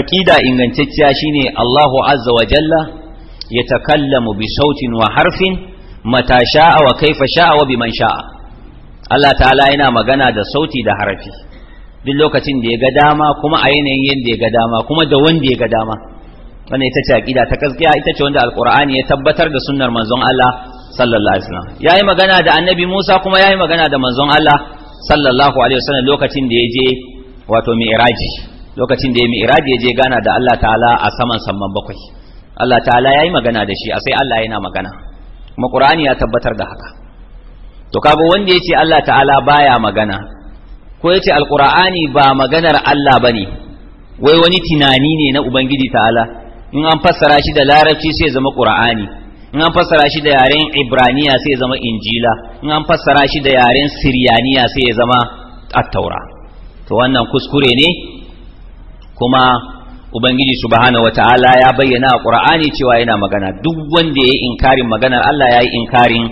aqida ingantacciya shine Allahu azza wa jalla mu bi sautin wa harfin mata sha'a wa kaifa sha'a wa biman sha'a Allah ta'ala yana magana da sauti da harafi duk lokacin da ya ga dama kuma a yanayin yadda ya ga dama kuma da wanda ya ga dama wannan ita ce aqida ta gaskiya ita ce wanda alqur'ani ya tabbatar da sunnar manzon Allah sallallahu alaihi wasallam yayi magana da annabi Musa kuma yayi magana da manzon Allah sallallahu alaihi wasallam lokacin da ya je wato mi'raji lokacin da ya mi'raji ya je gana da Allah ta'ala a saman samman bakwai Allah ta'ala yayi magana da shi a sai Allah yana magana kuma qur'ani ya tabbatar da haka to kaga wanda yace Allah ta'ala baya magana ko ya ce alƙura'ani ba maganar Allah ba ne. wai wani tunani ne na ubangiji ta'ala in an fassara shi da larabci sai zama ƙura'ani. in an fassara shi da yaren ibraniya sai zama injila in an fassara shi da yaren siriyaniya sai zama Attaura. to wannan kuskure ne kuma ubangiji subhanahu wataala ya bayyana a cewa yana magana duk wanda yayi inkarin maganar Allah ya yi inkarin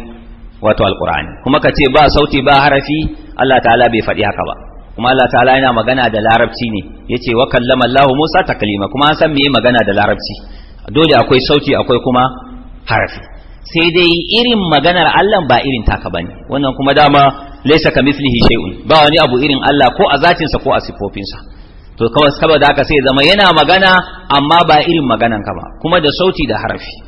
wato alƙura'ani. kuma ka ce ba sauti ba harafi Allah ta'ala bai faɗi haka ba kuma Allah ta'ala yana magana da larabci ne yace wa kallama Allah Musa taklima kuma an san yi magana da larabci dole akwai sauti akwai kuma harafi sai dai irin maganar Allah ba irin taka bane wannan kuma dama laysa kamithlihi shay'un ba wani abu irin Allah ko a sa ko a sifofinsa to kawai saboda haka sai zama yana magana amma ba irin maganan ka ba kuma da sauti da harafi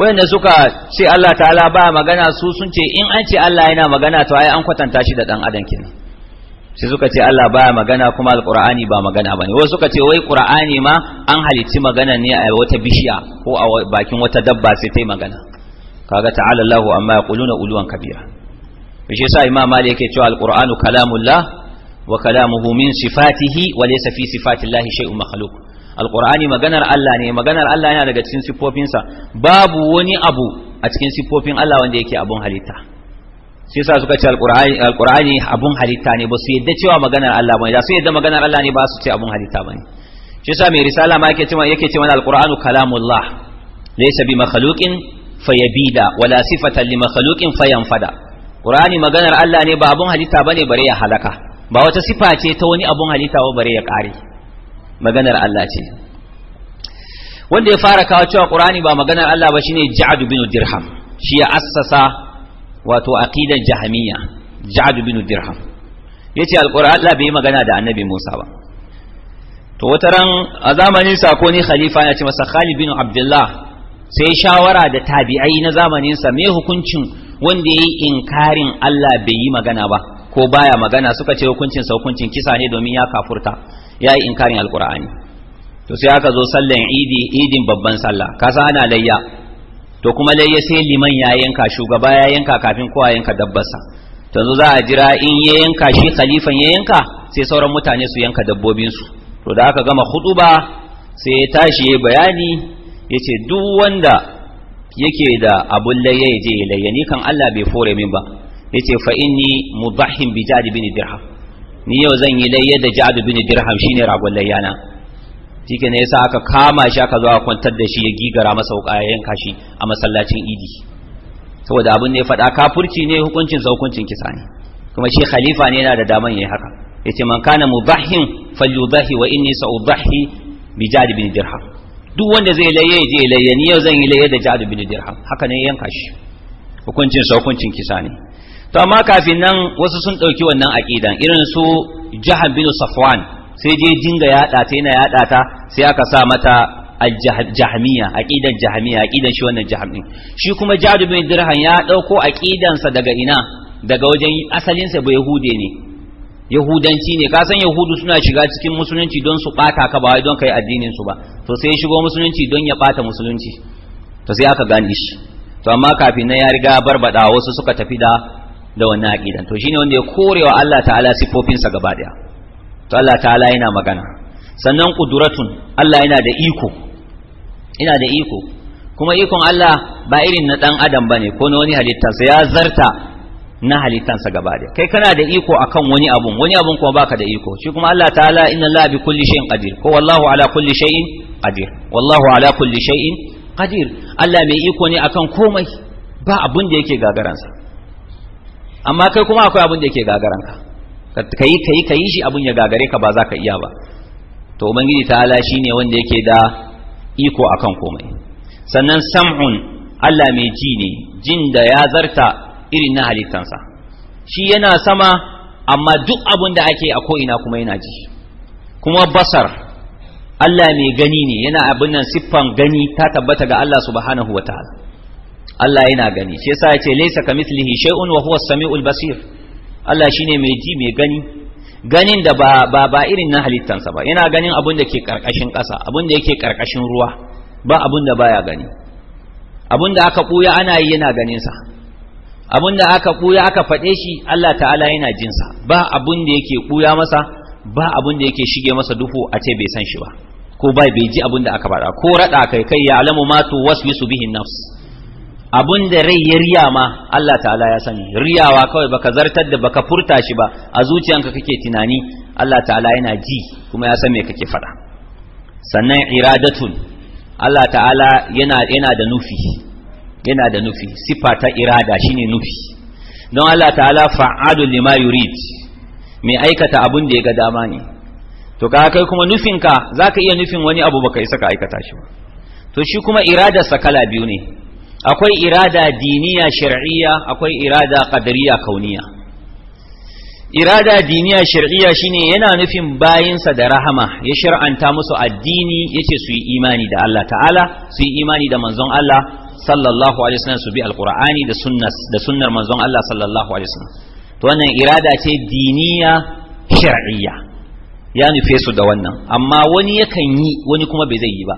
wayanda suka ce Allah ta'ala ba magana su sun ce in an ce Allah yana magana to ai an kwatanta shi da dan adam kenan sai suka ce Allah ba magana kuma alqur'ani ba magana bane wasu suka ce wai qur'ani ma an halicci magana ne a wata bishiya ko a bakin wata dabba sai ta yi magana kaga ta'ala Allahu amma yaquluna uluwan kabira shi yasa Imam Malik yake cewa alqur'anu kalamullah wa kalamuhu min sifatihi wa laysa fi sifatillahi shay'un makhluq alqur'ani maganar Allah ne maganar Allah yana daga cikin siffofinsa babu wani abu a cikin siffofin Allah wanda yake abun halitta sai sa suka ce alqur'ani alqur'ani abun halitta ne ba su yadda cewa maganar Allah bane da su yadda maganar Allah ne ba su ce abun halitta bane shi yasa mai risala ma yake cewa yake cewa alqur'anu kalamullah laysa bi makhluqin fayabida wala sifatan li makhluqin fayanfada qur'ani maganar Allah ne ba abun halitta bane bare ya halaka ba wata sifa ce ta wani abun halitta ba bare ya kare maganar Allah ce wanda ya fara kawo cewa Qur'ani ba maganar Allah ba shine Ja'd bin Dirham shi ya assasa wato aqidar Jahmiyya Ja'd bin Dirham yace al-Qur'an Allah bai magana da Annabi Musa ba to wata ran a zamanin sako ne khalifa ya ce masa Khalid bin Abdullah sai shawara da tabi'ai na zamanin sa me hukuncin wanda yayi inkarin Allah bai yi magana ba ko baya magana suka ce hukuncin sa hukuncin kisa ne domin ya kafurta ya yi inkarin alkur'ani to sai aka zo sallan idi idin babban sallah ka ana layya to kuma layya sai liman ya yanka shugaba ya yanka kafin kowa yanka dabbarsa to zo za a jira in ya yanka shi khalifan ya yanka sai sauran mutane su yanka dabbobin su to da aka gama khutuba sai ya tashi ya bayani Yace duk wanda yake da abun layya ya je ya layya ni kan Allah bai fore min ba ya ce fa inni mudahhin bi jadi bin dirham ni yau zan yi layya da ja'ad bin dirham shine ragon layyana shike ne yasa aka kama shi aka zo aka kwantar da shi ya gigara masa wuka ya a masallacin idi saboda abin ne ya faɗa kafurci ne hukuncin sa hukuncin kisa ne kuma shi khalifa ne yana da daman yayi haka yace man kana mubahin falyudahi wa inni sa'udahi bi ja'ad bin dirham duk wanda zai layya ya je layya ni yau zan yi layya da ja'ad bin dirham haka ne yanka shi hukuncin sa hukuncin kisa ne to amma kafin nan wasu sun ɗauki wannan aƙidan irin su Jihar bin safwan sai je dinga yaɗa ta yana yaɗa ta sai aka sa mata jahamiya aƙidan jahamiya aƙidan shi wannan jahamin shi kuma jadu bin dirhan ya ɗauko aƙidansa daga ina daga wajen asalinsa bai yahude ne yahudanci ne kasan yahudu suna shiga cikin musulunci don su ɓata ka ba wai don kai addinin su ba to sai ya shigo musulunci don ya ɓata musulunci to sai aka gane shi to amma kafin nan ya riga barbada wasu suka tafi da da wannan aqidan to shine wanda ya korewa Allah ta'ala sa gaba daya to Allah ta'ala yana magana sannan quduratun Allah yana da iko ina da iko kuma ikon Allah ba irin na dan adam bane ko na wani halittarsa ya zarta na halittansa gaba daya kai kana da iko akan wani abu wani abun kuma baka da iko shi kuma Allah ta'ala inna Allah bi kulli shay'in qadir ko wallahu ala kulli shay'in qadir wallahu ala kulli shay'in qadir Allah mai iko ne akan komai ba abun da yake gagaransa amma kai kuma akwai abin da yake gagaranka, ka kai kai kai shi abin ya gagare ka ba za ka iya ba to ubangiji shi ne wanda yake da iko akan komai sannan sam'un Allah mai ji ne jin da ya zarta irin na halittansa shi yana sama amma duk abin da ake a ko'ina kuma yana ji kuma basar Allah mai gani ne yana abin nan siffan gani ta tabbata ga Allah subhanahu wa ta'ala Allah yana gani shi yasa yace laysa kamithlihi shay'un wa huwa as-sami'ul basir Allah shine mai ji mai gani ganin da ba ba, ba irin na halittansa ba yana ganin abun da ke karkashin ƙasa abun da yake karkashin ruwa ba abun da baya gani abun da aka buya ana yi yana ganin sa abun da aka buya aka faɗe shi Allah ta'ala yana jin sa ba abun da yake buya masa ba abun da yake shige masa duhu a ce bai san shi ba ko bai bai ji abun da aka faɗa ko rada kai kai ya alamu ma tu waswisu bihi nafs abun da rai ya riya ma Allah ta'ala ya sani riyawa kawai baka zartar da baka furta shi ba a zuciyanka kake tunani Allah ta'ala yana ji kuma ya san me kake faɗa sannan iradatun Allah ta'ala yana yana da nufi yana da nufi sifa ta irada shine nufi don Allah ta'ala fa'alu lima yurid mai aikata abun da ya ga dama ne to ka kai kuma nufinka zaka iya nufin wani abu baka isa ka aikata shi ba to shi kuma iradarsa kala biyu ne akwai irada diniya shar'iyya akwai irada qadariyya kauniya irada diniya shar'iyya shine yana nufin bayinsa da rahama ya shar'anta musu addini yace su yi imani da Allah ta'ala su yi imani da manzon Allah sallallahu alaihi wasallam su bi alqur'ani da sunnas da sunnar manzon Allah sallallahu alaihi wasallam to wannan irada ce diniya shar'iyya ya nufe su da wannan amma wani yakan yi wani kuma bai zai yi ba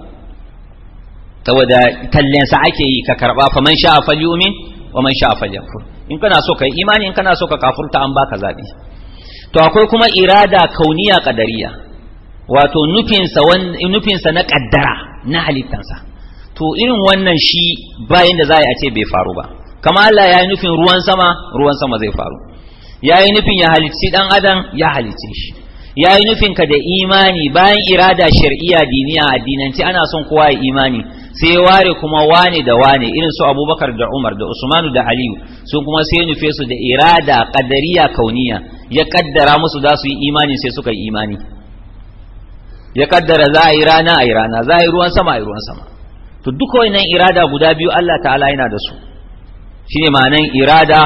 saboda tallen sa ake yi ka karba fa man sha'a falyumin wa man sha'a falyakfur in kana so kai imani in kana so ka kafurta an baka zabi to akwai kuma irada kauniya qadariya wato nufinsa sa na kaddara na halittansa to irin wannan shi bayan da za a ce bai faru ba kamar Allah ya yi nufin ruwan sama ruwan sama zai faru ya yi nufin ya halicci dan adam ya halicce shi ya yi nufin ka da imani bayan irada shar'iyya diniya addinanci ana son kowa ya imani sai ware kuma wane da wane irin su abubakar da umar da usmanu da aliyu su kuma sai nufe su da irada kadariya kauniya ya kaddara musu za su yi imani sai suka yi imani ya kaddara za a yi rana a yi rana za a yi ruwan sama a yi ruwan sama to duk wannan irada guda biyu Allah ta'ala yana da su shine ma'anan irada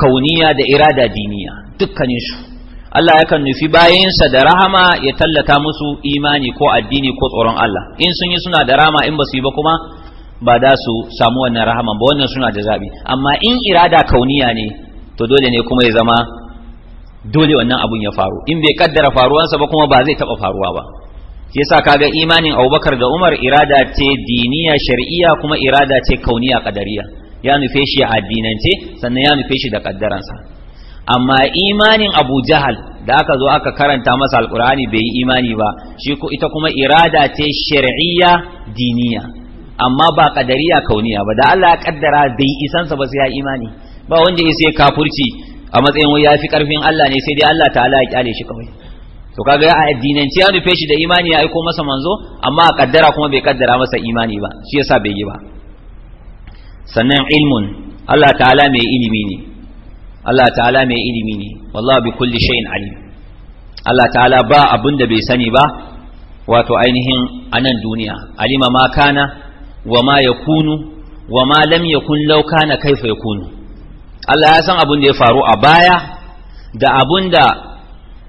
kauniya da irada diniya dukkanin su Allah yakan nufi bayansa da rahama ya tallata musu imani ko addini ko tsoron Allah in sun yi suna da rahama in ba su yi ba kuma ba da su samu wannan rahaman ba wannan suna da zabi amma in irada kauniya ne to dole ne kuma ya zama dole wannan abun ya faru in bai kaddara faruwansa ba kuma ba zai taba faruwa ba yasa kaga imanin Abubakar da Umar irada ce diniya shar'iyya kuma irada ce kauniya kadariya ya nufe shi a addinance sannan ya nufe shi da kaddaransa amma imanin abu jahal da aka zo aka karanta masa alkur'ani bai yi imani ba shi ko ita kuma irada ce shar'iyya diniya amma ba kadariya kauniya ba da Allah ya kaddara bai isansa ba sai ya imani ba wanda ya sai kafurci a matsayin wai fi karfin Allah ne sai dai Allah ta'ala ya kyale shi kawai to kaga a addinance ya nufe shi da imani ya aiko masa manzo amma a kaddara kuma bai kaddara masa imani ba shi yasa bai yi ba sannan ilmun Allah ta'ala mai ilimi ne Allah ta'ala mai ilimi ne wallahi bi kulli shay'in alim Allah ta'ala ba abin da bai sani ba wato ainihin anan duniya alima ma kana wa ma yakunu wa ma lam yakun law kana kaifa yakunu Allah ya san abin da ya faru a baya da abin da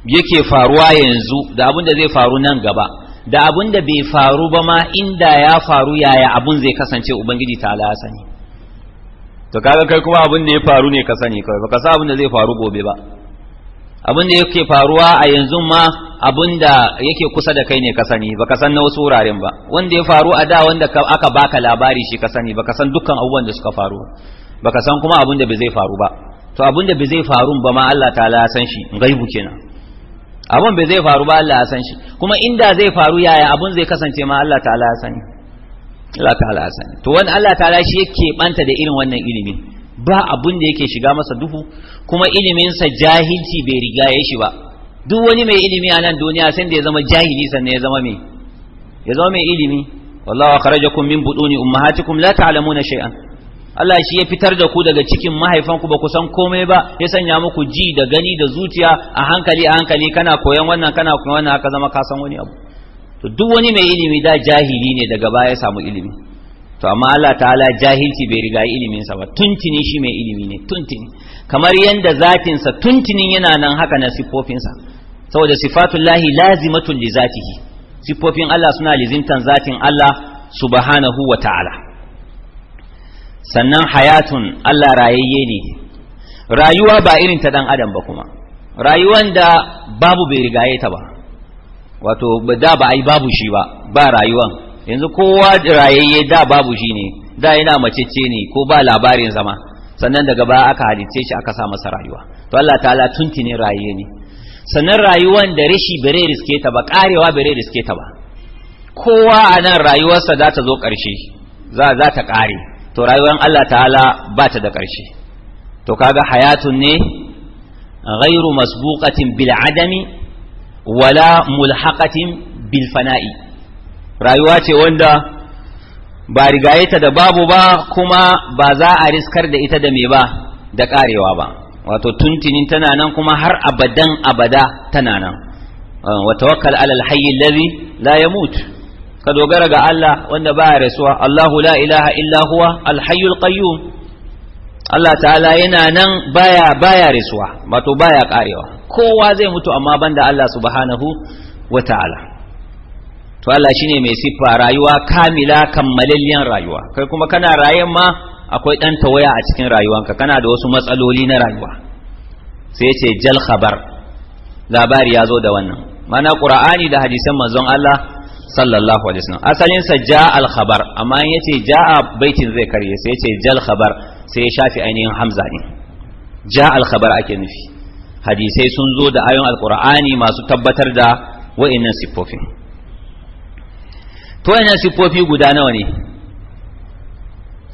yake faruwa yanzu da abin da zai faru nan gaba da abin da bai faru ba ma inda ya faru yaya abun zai kasance ubangiji ta'ala ya sani to kaga kai kuma abin da ya faru ne ka sani kawai baka sa abin da zai faru gobe ba abin da yake faruwa a yanzu ma abin da yake kusa da kai ne ka sani baka san na wasu wuraren ba wanda ya faru a da wanda aka baka labari shi ka sani baka san dukkan abubuwan da suka faru baka san kuma abin da bai zai faru ba to abin da bai zai faru ba ma Allah ta'ala ya san shi gaibu kenan abin bai zai faru ba Allah ya san shi kuma inda zai faru yaya abin zai kasance ma Allah ta'ala ya sani Allah ta'ala sani. to wani Allah ta'ala shi yake banta da irin wannan ilimi ba abun da yake shiga masa duhu kuma iliminsa jahilci bai riga ya shi ba duk wani mai ilimi a nan duniya sai da ya zama jahili sannan ya zama mai ya zama mai ilimi wallahu akhrajakum min buduni ummahatikum la ta'lamuna shay'an Allah shi ya fitar da ku daga cikin mahaifanku ba ku san komai ba ya sanya muku ji da gani da zuciya a hankali a hankali kana koyon wannan kana koyon wannan haka zama ka san wani abu to duk wani mai ilimi da jahili ne daga baya ya samu ilimi to amma Allah ta'ala jahilci bai riga ilimin sa ba tuntini shi mai ilimi ne tuntini kamar yanda zatin sa tuntinin yana nan haka na sifofin sa saboda lahi lazimatun li zatihi sifofin Allah suna lizimtan zatin Allah subhanahu wa ta'ala sannan hayatun Allah rayayye ne rayuwa ba irin ta dan adam ba kuma rayuwan da babu bai rigaye ta ba wato da ba a yi babu shi ba ba rayuwan yanzu kowa rayayye da babu shi ne da yana macece ne ko ba labarin zama sannan daga baya aka hadice shi aka sa masa rayuwa to Allah ta'ala tuntine rayayye ne sannan rayuwan da rishi bare riske ta ba karewa bare riske ta ba kowa a nan rayuwarsa za ta zo karshe za za ta ƙare to rayuwar Allah ta'ala ba ta da karshe to kaga hayatun ne ghairu masbuqatin bil adami wala mulhaqatin bil fana'i rayuwa ce wanda ba rigayeta da babu ba kuma ba za a riskar da ita da me ba da karewa ba wato tuntunin tana nan kuma har abadan abada tana nan uh, wa tawakkal alal hayy alladhi la yamut ka dogara ga Allah wanda ba ya rasuwa Allahu la ilaha illa huwa alhayyul qayyum Allah ta'ala yana nan baya baya risuwa wato baya karewa kowa zai mutu amma banda Allah subhanahu wata'ala ta'ala to Allah shine mai siffa rayuwa kamila kammalalliyan rayuwa kai kuma kana rayen ma akwai dan tawaya a cikin rayuwanka kana da wasu matsaloli na rayuwa sai ce jal khabar labari ya da wannan mana qur'ani da hadisan manzon Allah sallallahu alaihi wasallam asalin sa ja al khabar amma yace ja'a baitin zai karye sai yace jal khabar sai ya shafi ainihin hamza ne ja alkhabar ake nufi hadisai sun zo da ayon alkur'ani masu tabbatar da wa'innan siffofin to wa'innan siffofi guda nawa ne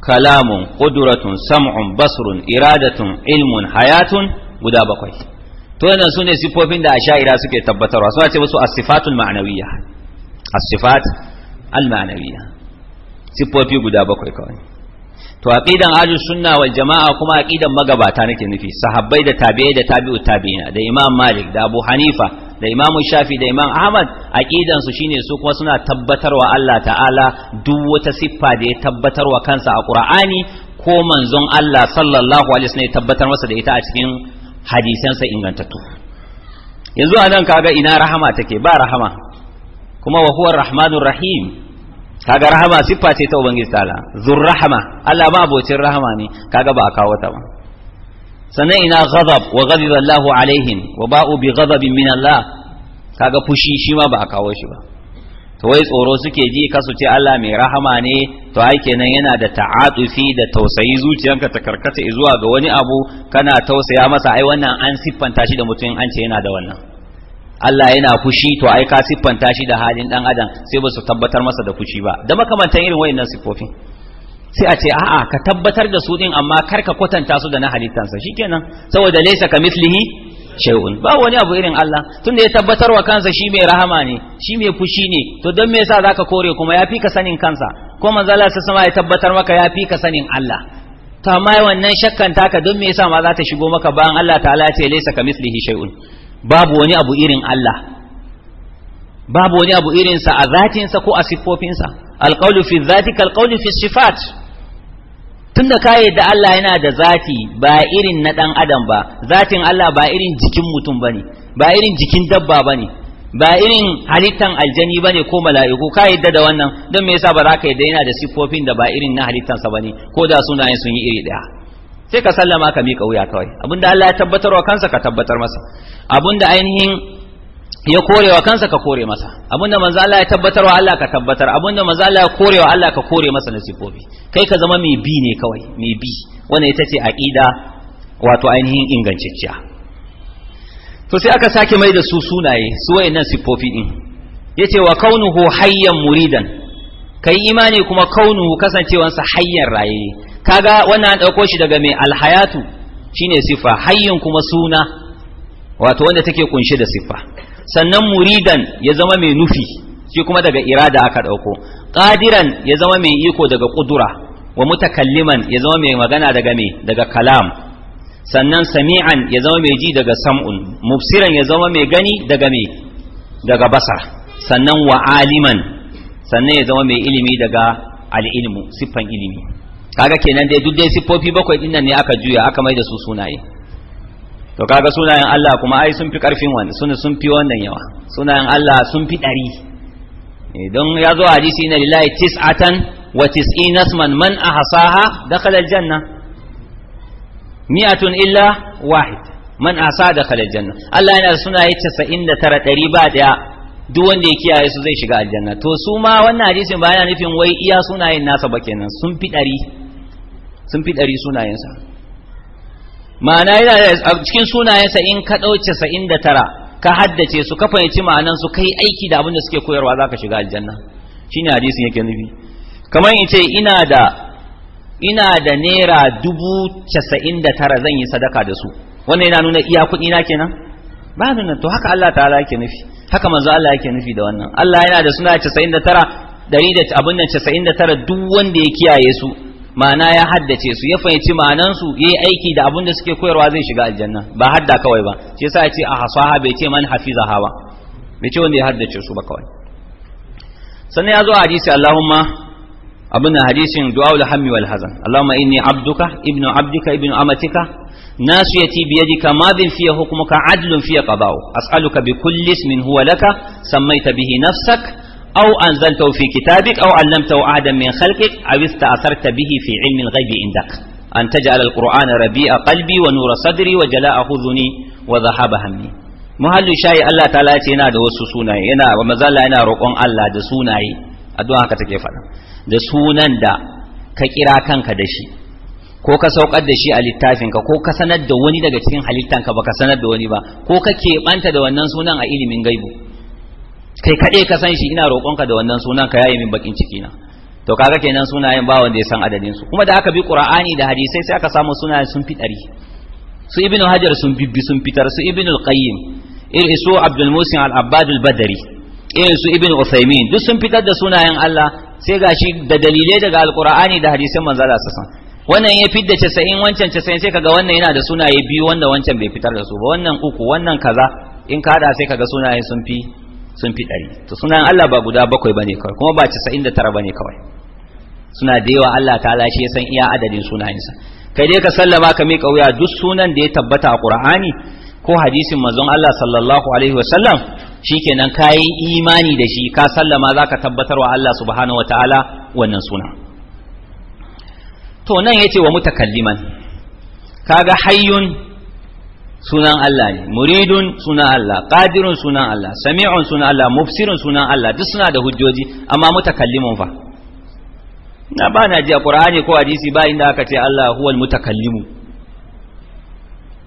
kalamun kuduratun sam'un basrun iradatun ilmun hayatun guda bakwai to yana su ne siffofin da asha'ira suke tabbatarwa suna ce musu as-sifatul ma'nawiyya as-sifat al-ma'nawiyya siffofi guda bakwai kawai to aqidan ahlus sunna wal jamaa kuma aqidan magabata nake nufi sahabbai da tabi'ai da tabi'u tabi'ina da imam malik da abu hanifa da imam shafi da imam ahmad aqidan su shine su kuma suna tabbatarwa Allah ta'ala duk wata siffa da ya tabbatarwa kansa a qur'ani ko manzon Allah sallallahu alaihi wasallam ya tabbatar masa da ita a cikin hadisansa ingantattu yanzu anan kaga ina rahama take ba rahama kuma wa huwa rahmanur rahim kaga rahama siffa ce ta ubangiji ta'ala zur rahama Allah ba abocin rahama ne kaga ba kawo ta ba sannan ina ghadab wa ghadiba Allahu alaihim wa ba'u bi ghadabin min Allah kaga fushi shi ma ba a kawo shi ba to wai tsoro suke ji kasu ce Allah mai rahama ne to ai kenan yana da ta'atufi da tausayi zuciyanka ta karkata zuwa ga wani abu kana tausaya masa ai wannan an siffanta shi da mutum an ce yana da wannan Allah yana fushi to ai ka siffanta shi da halin dan adam sai ba su tabbatar masa da fushi ba da makamantan irin wayannan siffofin sai a ce a'a ka tabbatar da su din amma kar ka kwatanta su da na halittansa shikenan saboda laysa ka mislihi shay'un ba wani abu irin Allah tunda ya tabbatar wa kansa shi mai rahama ne shi mai fushi ne to don me yasa zaka kore kuma yafi ka sanin kansa ko manzo Allah sama ya tabbatar maka yafi ka sanin Allah to amma wannan shakkan taka don me yasa ma za ta shigo maka bayan Allah ta'ala ya ce laysa ka mislihi shay'un babu wani abu irin Allah babu wani abu irinsa a zatinsa ko a siffofinsa alƙaulu fi zati kalƙaulu fi sifat tun da ka da Allah yana da zati ba irin na ɗan adam ba zatin Allah ba irin jikin mutum ba ba irin jikin dabba ba ba irin halittan aljani ba ne ko mala'iku ka yadda da wannan don me yasa ba za ka yadda yana da siffofin da ba irin na halittansa ba ne ko da sunayen sun yi iri ɗaya sai ka sallama ka miƙa wuya kawai abinda Allah ya tabbatar wa kansa ka tabbatar masa abinda ainihin ya kore wa kansa ka kore masa abinda manzo Allah ya tabbatar wa Allah ka tabbatar abinda manzo Allah ya kore wa Allah ka kore masa na kai ka zama mai bi ne kawai mai bi wannan ita ce aqida wato ainihin ingantacciya to sai aka sake mai da su sunaye su wayannan sifofi din yace wa kaunuhu hayyan muridan kai imani kuma kaunu kasancewansa hayyan raye kaga wannan an dauko shi daga mai alhayatu shine sifa hayyun kuma suna wato wanda take kunshe da sifa sannan muridan ya zama mai nufi shi kuma daga irada aka dauko qadiran ya zama mai iko daga kudura wa mutakalliman ya zama mai magana daga mai daga kalam sannan sami'an ya zama mai ji daga sam'un mubsiran ya zama mai gani daga mai daga basar sannan wa aliman sannan ya zama mai ilimi daga al'ilmu siffan ilimi kaga kenan dai duk dai siffofi bakwai din nan ne aka juya aka mai da su sunaye to kaga sunayen Allah kuma ai sun fi ƙarfin wani sun sun fi wannan yawa sunayen Allah sun fi ɗari eh, don ya zo a hadisi na lillahi tis'atan wa tis'ina man man ahsaha dakhala aljanna mi'atun illa wahid man asa da khalal janna Allah yana da sunaye 99 ɗari ba daya duk wanda ya kiyaye su zai shiga aljanna to su ma wannan hadisin ba yana nufin wai iya sunayen nasa ba kenan sun fi ɗari sun fi ɗari sunayensa ma'ana yana da cikin sunayensa in ka ɗauce sa'in da tara ka haddace su ka fahimci ma'anan su kai aiki da abin da suke koyarwa za ka shiga aljanna shine hadisin yake nufi kamar in ce ina da ina da naira dubu casa'in da tara zan yi sadaka da su wannan yana nuna iya kuɗi na kenan ba nuna to haka Allah ta'ala yake nufi haka manzo Allah yake nufi da wannan Allah yana da suna 99 da abin nan 99 duk wanda ya kiyaye su ma'ana ya haddace su ya fahimci ma'anan su yayi aiki da abin da suke koyarwa zai shiga aljanna ba hadda kawai ba shi yasa yace a hasaha bai ce man hafiza hawa bai ce wanda ya haddace su ba kawai sannan ya zo hadisi Allahumma abin hadisin ul hammi wal hazan Allahumma inni abduka ibnu abdika ibnu amatika ناس ناصيتي بيدك ماض في حكمك عدل في قضاؤك أسألك بكل اسم هو لك سميت به نفسك أو أنزلته في كتابك أو علمته أحدا من خلقك أو استأثرت به في علم الغيب عندك أن تجعل القرآن ربيع قلبي ونور صدري وجلاء أخذني وذهاب همي مهل شاي الله تعالى يتينا دو سونا ينا ومازال ينا رقون الله ده سونا أدعاك تكيفنا ده سونا ده كيرا كانك ده ko ka saukar da shi a littafinka ko ka sanar da wani daga cikin halittanka baka sanar da wani ba ko ka keɓanta da wannan sunan a ilimin gaibu kai kaɗai ka san shi ina roƙonka da wannan sunan ka yaye min bakin ciki na to kaga kenan sunayen ba wanda ya san adadin su kuma da aka bi qur'ani da hadisai sai aka samu sunayen sun fi ɗari su ibnu hajar sun bibbi sun fitar su ibnu qayyim irin su abdul musin al-abbad Badari badri irin su ibnu usaymin duk sun fitar da sunayen Allah sai gashi da dalilai daga alqur'ani da hadisan manzo Allah sallallahu wannan ya fidda casa'in wancan casa'in sai kaga wannan yana da sunaye biyu wanda wancan bai fitar da su ba wannan uku wannan kaza in ka hada sai kaga sunaye sun fi sun fi ɗari to sunayen Allah ba guda bakwai bane kawai kuma ba casa'in da tara bane kawai suna da yawa Allah ta'ala shi ya san iya adadin sunayensa kai dai ka sallama ka miƙa wuya duk sunan da ya tabbata a Qur'ani ko hadisin manzon Allah sallallahu alaihi wasallam shikenan kai imani da shi ka sallama zaka tabbatar wa Allah subhanahu wataala wannan sunan to nan yace wa mutakalliman kaga hayyun sunan Allah ne muridun sunan Allah qadirun sunan Allah sami'un sunan Allah mufsirun sunan Allah duk suna da hujjoji amma mutakallimun fa na ba na ji a qur'ani ko hadisi ba inda aka ce Allah huwal mutakallimu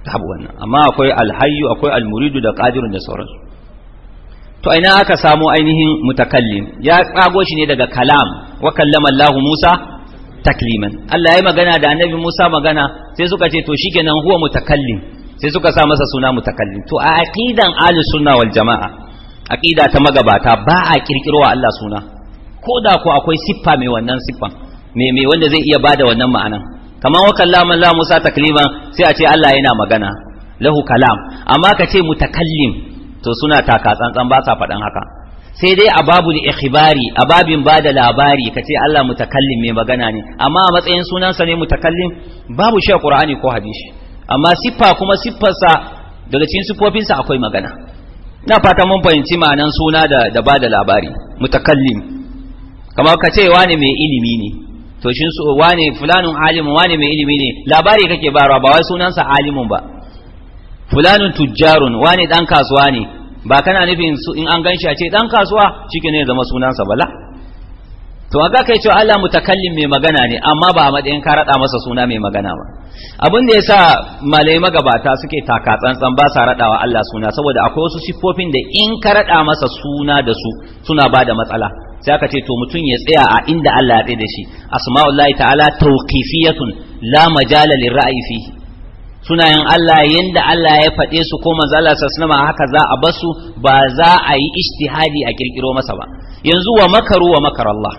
babu wannan amma akwai alhayyu akwai almuridu da qadirun da sauransu to aina aka samu ainihin mutakallim ya tsago shi ne daga kalam wa kallama Allah Musa takliman Allah ya magana da annabi Musa magana sai suka ce to shikenan huwa mutakallim sai suka sa masa suna mutakallim to a aqidan ahli sunna wal jamaa aqida ta magabata ba a kirkirwa Allah suna ko da ko akwai siffa mai wannan siffan mai mai wanda zai iya bada wannan ma'anan kamar wa kallama Allah Musa takliman sai a ce Allah yana magana lahu kalam amma ka ce mutakallim to suna taka tsantsan ba sa faɗan haka sai dai a babu da ikhibari a babin ba da labari ka ce Allah mutakallim mai magana ne amma a matsayin sunansa ne mutakallim babu shi a Qur'ani ko hadisi amma siffa kuma siffarsa daga cikin siffofinsa akwai magana na fata mun fahimci ma'anan suna da da ba da labari mutakallim kamar ka ce wani mai ilimi ne to shin su wani fulanun alimu wani mai ilimi ne labari kake barwa ba wai sunansa alimun ba fulanun tujjarun wani dan kasuwa ne ba kana nufin in an ganshi a ce dan kasuwa shike ne zama sunansa bala to aga kai cewa Allah mutakallim mai magana ne amma ba a ka rada masa suna mai magana ba abin da yasa malai magabata suke taka tsantsan ba sa radawa Allah suna saboda akwai wasu siffofin da in ka rada masa suna da su suna bada matsala sai aka ce to mutum ya tsaya a inda Allah ya tsaye da shi asma'ullahi ta'ala tawqifiyatun la majala lirra'yi fihi yin Allah yadda Allah ya faɗe su ko manzo Allah ma haka za a basu ba za a yi ishtihadi a kirkiro masa ba yanzu wa makaru wa makar Allah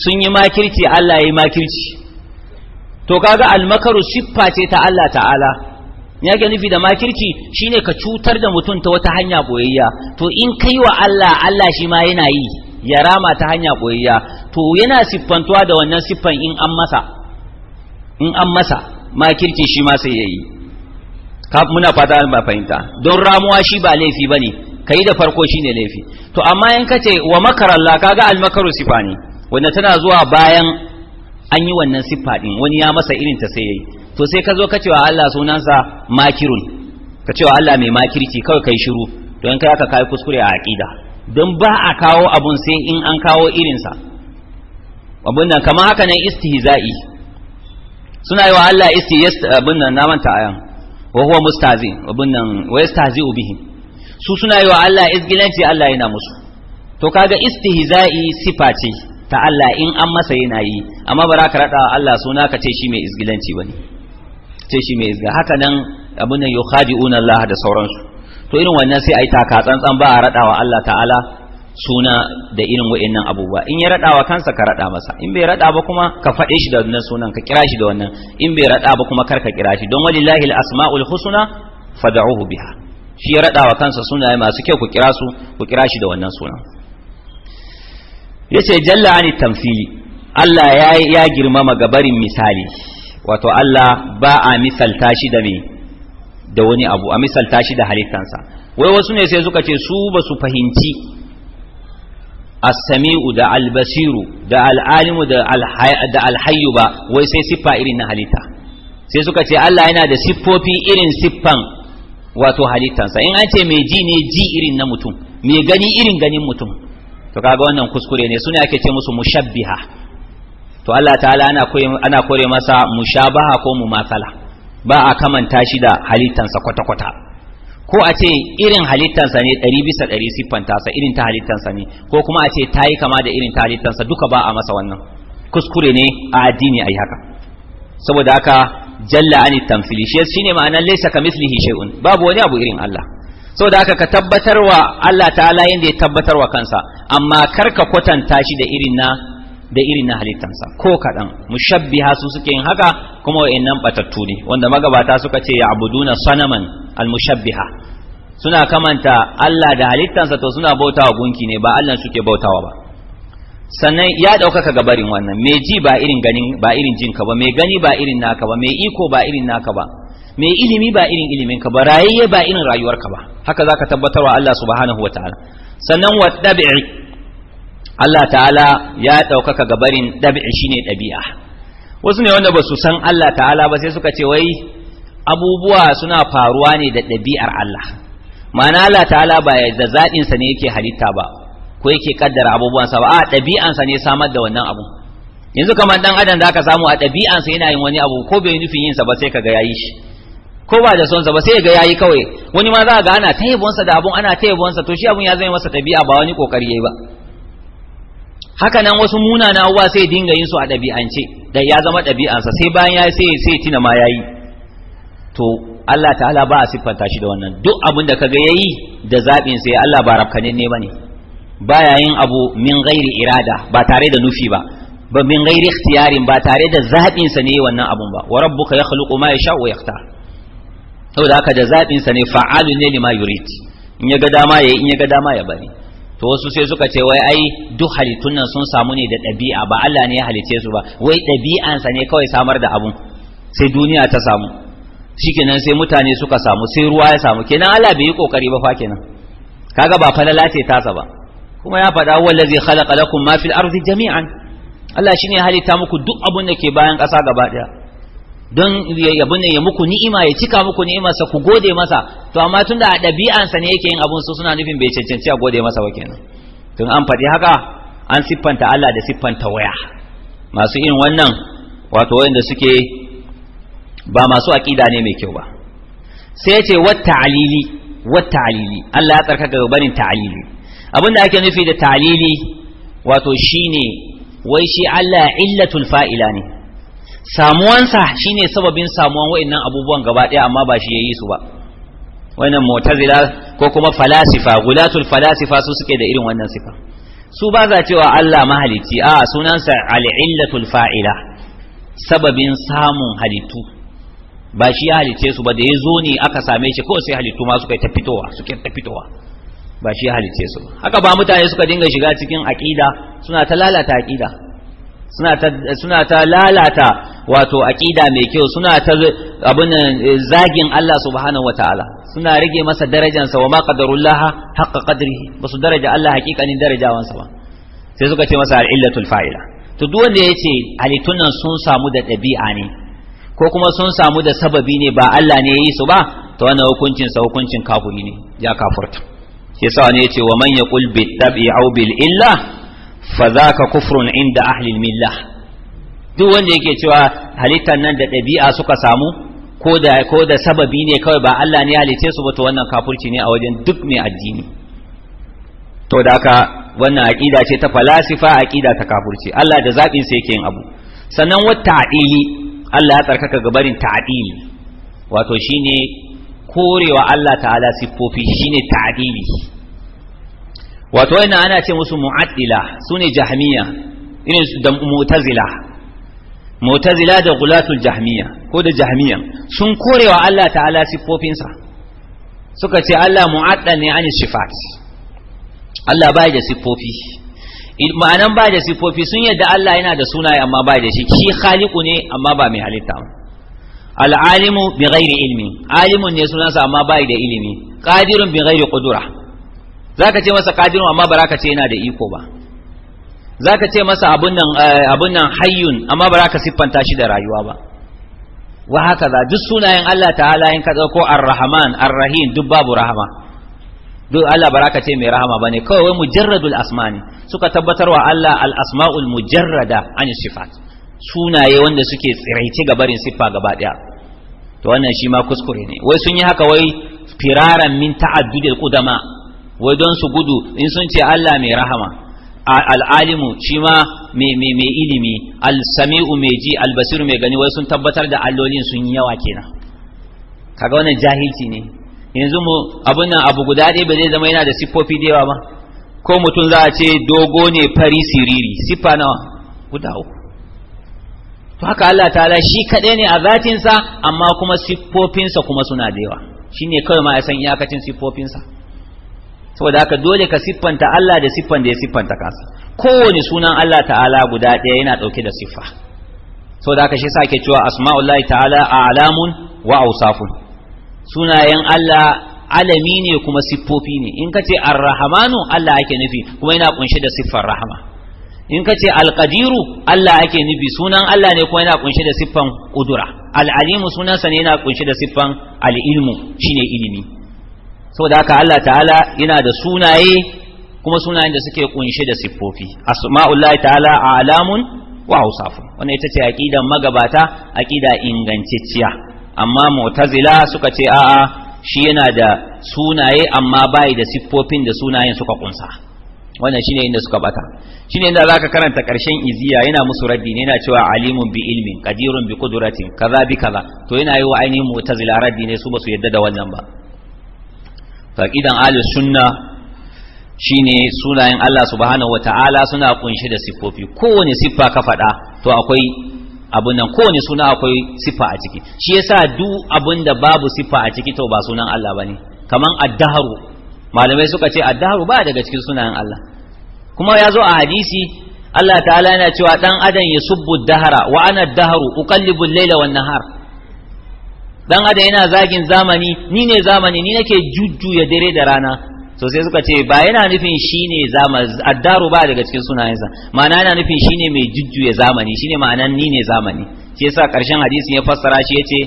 sun yi makirci Allah ya yi makirci to kaga almakaru siffa ce ta Allah ta'ala ya ke nufi da makirci shine ka cutar da mutum ta wata hanya boyayya to in kai wa Allah Allah shi ma yana yi ya rama ta hanya boyayya to yana siffantuwa da wannan siffan in in an masa Makirki shi ma sai yayi muna fata ba fahimta don ramuwa shi ba laifi bane kai da farko shine laifi to amma in kace wa Allah kaga almakaru sifa sifani wanda tana zuwa bayan an yi wannan siffa din wani ya masa irin ta sai yayi to sai ka zo ka cewa Allah sunansa makirun ka cewa Allah mai makirci kawai kai shiru don kai aka kai kuskure a aqida don ba a kawo abun sai in an kawo irinsa abun nan kamar haka nan istihza'i suna yi wa Allah isti abin nan na manta ayan wa huwa mustazi abin nan wa yastazi bihi su suna yi wa Allah izgilanci Allah yana musu to kaga istihza'i sifa ce ta Allah in an masa yana yi amma ba za ka rada Allah suna ka ce shi mai izgilanci bane ce shi mai izga haka nan abin nan yukhadi'una Allah da sauransu to irin wannan sai ai taka tsantsan ba a rada wa Allah ta'ala suna da irin wa'annan abubuwa in ya rada wa kansa ka rada masa in bai rada ba kuma ka faɗe shi da wannan sunan ka kira shi da wannan in bai rada ba kuma kar ka kira shi don walillahi al-asma'ul husna fad'uhu biha shi ya rada wa kansa sunaye masu kyau ku kira su ku kira shi da wannan sunan yace jalla ani tamthili Allah ya ya girmama gabarin misali wato Allah ba a misalta shi da me da wani abu a misalta shi da halittansa wai wasu ne sai suka ce su ba su fahimci as-sami'u da al-basiru da al-alimu da al-hayyu ba wai sai siffa irin na halitta sai suka ce Allah yana da siffofi irin siffan wato halittansa in an ce mai ji ne ji irin na mutum mai gani irin ganin mutum to kaga wannan kuskure ne sune ake ce musu mushabbiha to Allah ta'ala ana kore ana kore masa mushabaha ko mumathala ba a kamanta shi da halittansa kwata-kwata ko a ce irin halittansa ne ɗari bisa ɗari siffantansa irin ta halittansa ne ko kuma a ce ta yi kama da irin ta halittansa duka ba a masa wannan kuskure ne a addini a yi haka saboda haka jalla ani tamfili shi shine ma'anar laysa kamithlihi shay'un babu wani abu irin Allah saboda haka ka tabbatarwa Allah ta'ala yanda ya tabbatarwa kansa amma kar ka kwatanta shi da irin na da irin na halittansa ko kaɗan mushabbiha su suke yin haka kuma wa'annan batattu ne wanda magabata suka ce ya abuduna sanaman almushabbiha suna kamanta Allah da halittansa to suna bautawa gunki ne ba Allah suke bautawa ba sannan ya ɗaukaka gabarin wannan me ji ba irin ganin ba irin ba me gani ba irin naka ba me iko ba irin naka ba me ilimi ba irin ka ba rayayye ba irin rayuwarka ba haka zaka tabbatar wa Allah subhanahu wataala sannan wa dabi'i Allah ta'ala ya ɗaukaka gabarin dabi'i shine ɗabi'a wasu ne wanda ba su san Allah ta'ala ba sai suka ce wai abubuwa suna faruwa ne da ɗabi'ar Allah ma'ana Allah ta'ala ba da zaɓinsa ne yake halitta ba ko yake kaddara sa ba a ɗabi'ansa ne samar da wannan abu yanzu kamar dan adam da aka samu a ɗabi'ansa yana yin wani abu ko bai nufin yinsa ba sai kaga yayi shi ko ba da sonsa ba sai ga yayi kawai wani ma za ga ana ta yabonsa da abun ana ta yabonsa to shi abun ya zama masa ɗabi'a ba wani kokari yayi ba haka nan wasu munana uwa sai dinga yin su a ɗabi'ance da ya zama ɗabi'ansa sai bayan ya sai sai tina ma yayi to Allah ta'ala ba a siffanta shi da wannan duk abin da kaga yayi da zabin sai Allah ba rafkanin ne bane baya yin abu min ghairi irada ba tare da nufi ba ba min ghairi ikhtiyarin ba tare da zabin sa ne wannan abun ba wa rabbuka yakhluqu ma yasha wa yaktar da haka da zabin sa ne fa'alun ne lima yurid in ya ga dama yayi in ya ga dama ya bari to wasu sai suka ce wai ai duk halittun nan sun samu ne da ɗabi'a ba Allah ne ya halicce su ba wai ɗabi'ansa ne kawai samar da abun sai duniya ta samu shikenan sai mutane suka samu sai ruwa ya samu kenan Allah bai yi kokari ba fa kenan kaga ba falala ce tasa ba kuma ya faɗa wallazi khalaqa lakum ma fil ardi jami'an Allah shine ya halitta muku duk abun da ke bayan ƙasa gaba daya don ya ne ya muku ni'ima ya cika muku sa ku gode masa to amma tunda a ɗabi'ansa ne yake yin abun su suna nufin bai cancanci a gode masa ba kenan tun an faɗi haka an siffanta Allah da siffanta waya masu irin wannan wato wanda suke ba masu aƙida ne mai kyau ba sai ya ce wata alili wata alili Allah ya tsarkaka ga barin ta'alili abin da ake nufi da ta'alili wato shine wai shi Allah illatul fa'ila ne samuwansa shine sababin samuwan wa'annan abubuwan gaba ɗaya amma ba shi yayi su ba wannan mu'tazila ko kuma falasifa gulatul falasifa su suke da irin wannan sifa su ba za cewa Allah mahalici a sunansa al-illatul fa'ila sababin samun halittu ba shi ya halice su ba da ya zo ne aka same shi kawai sai halittu ma suka yi ta suke tafitowa ba shi ya halice su haka ba mutane suka dinga shiga cikin aƙida suna ta lalata aƙida suna ta suna ta lalata wato aƙida mai kyau suna ta abin eh, zagin Allah subhanahu wataala suna rage masa darajansa wa ma qadarullaha haqqa qadrihi basu daraja Allah haƙiƙanin darajawansa ba sai suka ce masa al-illatul fa'ila to duk wanda yace halittun nan sun samu da ɗabi'a ne ko kuma sun samu da sababi ne ba Allah ne ya yi su ba to wannan hukuncin sa hukuncin kafiri ne ya kafurta shi yasa ne yace wa man yaqul bi tabi aw bil illa fa zaka kufrun inda ahli al millah duk wanda yake cewa halittar nan da dabi'a suka samu ko da ko da sababi ne kawai ba Allah ne ya halice su ba to wannan kafurci ne a wajen duk mai addini to da haka wannan aqida ce ta falasifa aqida ta kafurci Allah da zabin sa yake yin abu sannan wata adili Allah ya tsarkaka gabarin ta'adil wato shine korewa Allah ta'ala siffofi shine ta'adili wato yana ana ce musu mu'addila sune jahmiya irin su da mu'tazila mu'tazila da gulatul jahmiya ko da jahmiya sun korewa Allah ta'ala siffofinsa suka ce Allah mu'addal ne an sifat Allah bai da siffofi ma'anan ba da sifofi sun yadda Allah yana da sunaye amma ba da shi shi khaliqu ne amma ba mai halitta al'alimu bi ghairi ilmi alimun ne sa amma ba da ilimi qadirun bi ghairi qudura zaka ce masa qadirun amma ba ce yana da iko ba zaka ce masa abun nan eh, abun nan hayyun amma ba ka siffanta shi da rayuwa ba wa haka duk sunayen Allah ta'ala in ka dauko ar-rahman ar-rahim duk babu rahama duk Allah baraka ce mai rahama bane kawai wai mujarradul asmani suka tabbatarwa Allah al asmaul mujarrada an sifat sunaye wanda suke tsiraice barin siffa gaba daya to wannan shi ma kuskure ne wai sun yi haka wai firaran min ta'addudil qudama wai don su gudu in sun ce Allah mai rahama al'alimu shi ma mai ilimi al-sami'u mai ji al-basiru mai gani wai sun tabbatar da allolin sun yi yawa kenan kaga wannan jahilci ne yanzu mu abin nan abu guda ɗaya ba zai zama yana da siffofi da yawa ba ko mutum za a ce dogo ne fari siriri siffa nawa guda uku to haka Allah ta'ala shi kaɗai ne a zatinsa amma kuma siffofinsa kuma suna da yawa shine kawai ma ya san iyakacin siffofinsa saboda haka dole ka siffanta Allah da siffan da ya siffanta kansa kowane sunan Allah ta'ala guda ɗaya yana ɗauke da siffa saboda haka shi sa ke cewa asma'ullahi ta'ala a a'lamun wa awsafun sunayen Allah alami ne kuma siffofi ne in ka ce arrahamanu Allah ake nufi kuma yana kunshe da siffar rahama in ka ce alkadiru Allah ake nufi sunan Allah ne kuma yana kunshe da siffan kudura al'alimu sunansa ne yana kunshe da siffan al'ilmu shine ilimi saboda haka Allah ta'ala yana da sunaye kuma sunayen da suke kunshe da siffofi asma'ullahi ta'ala a alamun wa Wani wannan ita ce aqidan magabata aqida ingantacciya amma mu'tazila suka ce a'a shi yana da sunaye amma bai da siffofin da sunayen suka kunsa wannan shine inda suka bata shine inda zaka karanta karshen iziya yana musu raddi ne yana cewa alimun bi ilmin qadirun bi qudratin kaza bi kaza to yana yi wa ainihin mu'tazila raddi ne su ba su yadda da wannan ba faqidan ahlus sunna shine sunayen Allah subhanahu wataala suna kunshi da siffofi kowane siffa ka faɗa to akwai abun nan kowane suna akwai sifa a ciki shi yasa du abun da babu sifa a ciki to ba sunan Allah bane kaman addaharu malamai suka ce addaharu ba daga cikin sunayen Allah kuma ya zo a hadisi Allah ta'ala yana cewa dan adam ya subbu dahara wa ana daharu uqallibu al-laila wan nahar dan adam yana zagin zamani ni ne zamani ni nake jujjuya dare da rana to sai suka ce ba yana nufin shine zamani addaru ba daga cikin sunayensa ma'ana yana nufin shine mai jujjuya zamani shine ma'anan ni ne zamani shi yasa karshen hadisin ya fassara shi yace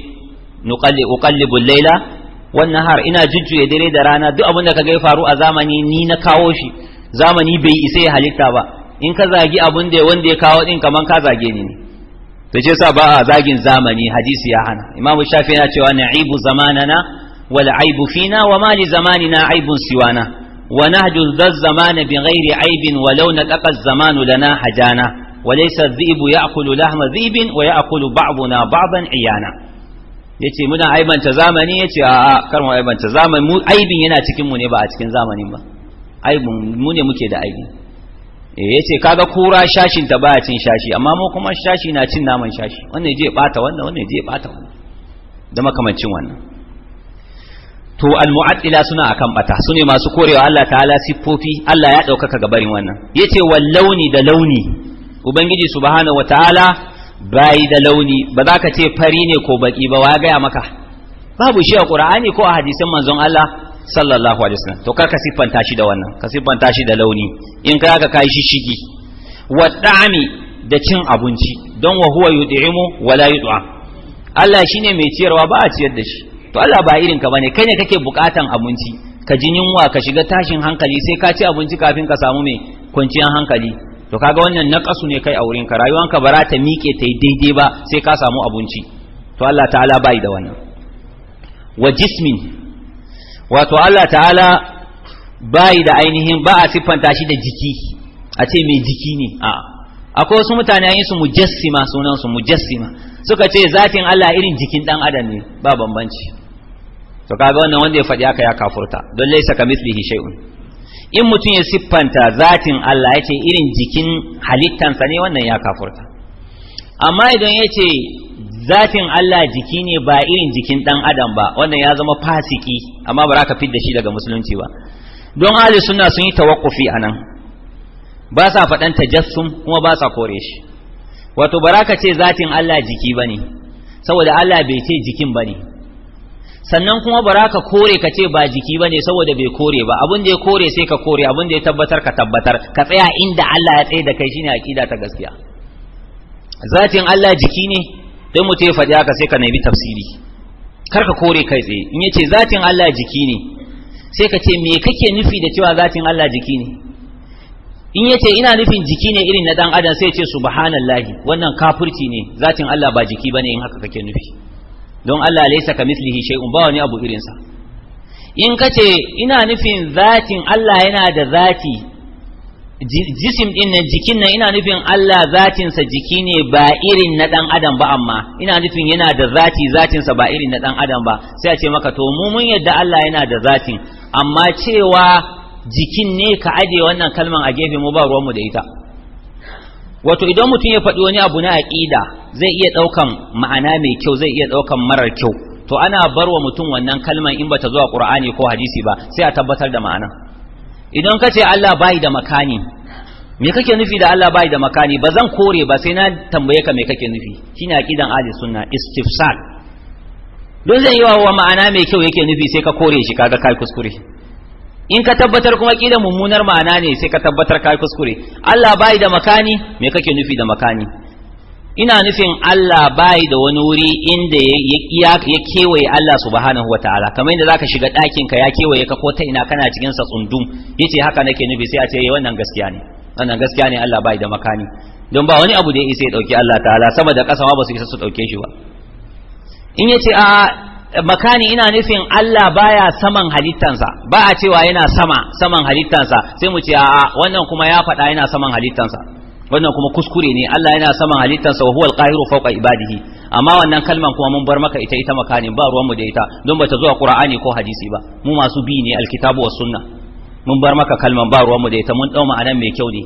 nuqalli uqallibu layla wan nahar ina jujjuya dare da rana duk abin da ka faru a zamani ni na kawo shi zamani bai isa ya halitta ba in ka zagi abun da wanda ya kawo din kaman ka zage ni ne to sa ba a zagin zamani hadisi ya hana imamu shafi yana cewa na'ibu zamanana والعيب فينا وما لزماننا عيب سوانا ونهج ذا الزمان بغير عيب ولو نتقى الزمان لنا حجانا وليس الذئب يأكل لحم ذئب ويأكل بعضنا بعضا عيانا yace muna aibanta zamani yace a'a kar mu aibanta zamani mu aibin yana cikin mu ne ba a cikin zamanin ba aibin mu ne muke da aibi eh yace kaga kura shashin ta baya cin shashi amma mu kuma shashi na cin naman shashi wannan je bata wannan wannan je bata wannan da makamancin wannan to almu'attila suna akan bata su ne masu korewa Allah ta'ala siffofi Allah ya ɗaukaka gabarin wannan yace wal launi da launi ubangiji subhanahu wata'ala bai da launi ba za ka ce fari ne ko baki ba wa gaya maka babu shi a qur'ani ko a hadisin manzon Allah sallallahu alaihi wasallam to kar ka siffanta shi da wannan ka siffanta shi da launi in ka ka kai shi shigi wa da'ami da cin abinci don wa huwa yud'imu wa la yud'a Allah shine mai ciyarwa ba a ciyar da shi to Allah ba irin ka bane kai ne kake bukatan abinci ka ji yunwa ka shiga tashin hankali sai ka ci abinci kafin ka samu mai kwanciyar hankali to kaga wannan naqasu ne kai a wurin ka rayuwar ka barata ta miƙe ta yi daidai ba sai ka samu abinci to Allah ta'ala bai da wannan wa jismin wato Allah ta'ala bai da ainihin ba a siffanta shi da jiki a ce mai jiki ne a'a akwai wasu mutane ayin su mujassima sunan su mujassima suka ce zatin Allah irin jikin dan adam ne ba bambanci to kaga wannan wanda ya faɗi aka ya kafurta don laisa ka mislihi shay'un in mutum ya siffanta zatin Allah ya ce irin jikin halittansa ne wannan ya kafurta amma idan yace zatin Allah jiki ne ba irin jikin dan adam ba wannan ya zama fasiki amma ba za ka fidda shi daga musulunci ba don ahli sunna sun yi tawakkufi anan ba sa faɗan tajassum kuma ba sa kore shi wato baraka ce zatin Allah jiki bane saboda Allah bai ce jikin bane sannan kuma bara ka kore ka ce ba jiki bane saboda bai kore ba abin da ya kore sai ka kore abin da ya tabbatar ka tabbatar ka tsaya inda Allah ya tsaye da kai shine aqida ta gaskiya zatin Allah jiki ne dan mu tafi faɗi haka sai ka nemi tafsiri kar ka kore kai tsaye in yace zatin Allah jiki ne sai ka ce me kake nufi da cewa zatin Allah jiki ne in yace ina nufin jiki ne irin na dan adam sai ya ce subhanallahi wannan kafirci ne zatin Allah ba jiki bane in haka kake nufi don Allah laysa mislihi shay'un ba wani abu irinsa in kace ina nufin zatin Allah yana da zati jisim din nan jikin nan ina nufin Allah zatinsa jiki ne ba irin na dan adam ba amma ina nufin yana da zati zatinsa ba irin na dan adam ba sai a ce maka to mu mun yadda Allah yana da zatin amma cewa jikin ne ka aje wannan kalman a gefe mu ba ruwan mu da ita wato idan mutum ya faɗi wani abu na aƙida zai iya ɗaukan ma'ana mai kyau zai iya ɗaukan marar kyau to ana bar wa mutum wannan kalman in bata zuwa ƙur'ani ko hadisi ba sai a tabbatar da ma'ana idan ka ce Allah bai da makani me kake nufi da Allah bai da makani ba zan kore ba sai na tambaye ka me kake nufi shine aqidan ahli sunna istifsal don zai yi wa ma'ana mai kyau yake nufi sai ka kore shi kaga kai kuskure in ka tabbatar kuma kila mummunar ma'ana ne sai ka tabbatar kai kuskure Allah bai da makani me kake nufi da makani ina nufin Allah bai da wani wuri inda ya kewaye Allah subhanahu wa ta'ala kamar yadda zaka shiga ɗakin ka ya kewaye ka ko ta ina kana cikin sa tsundum yace haka nake nufi sai a ce eh, wannan gaskiya ne wannan gaskiya ne Allah bai da makani don ba wani abu da ya isa ya dauki Allah ta'ala sama da ƙasa ma ba su isa su dauke shi ba in yace a makani ina nufin Allah baya saman halittansa ba a cewa yana sama saman halittansa sai mu ce a'a wannan kuma ya faɗa yana saman halittansa wannan kuma kuskure ne Allah yana saman halittansa wa huwa al-qahiru fawqa ibadihi amma wannan kalman kuma mun bar maka ita ita makani ba ruwan mu da ita don bata ta zuwa Qur'ani ko hadisi ba mu masu bi ne al-kitabu was sunna mun bar maka kalman ba ruwan mu da ita mun dau ma'anan mai kyau ne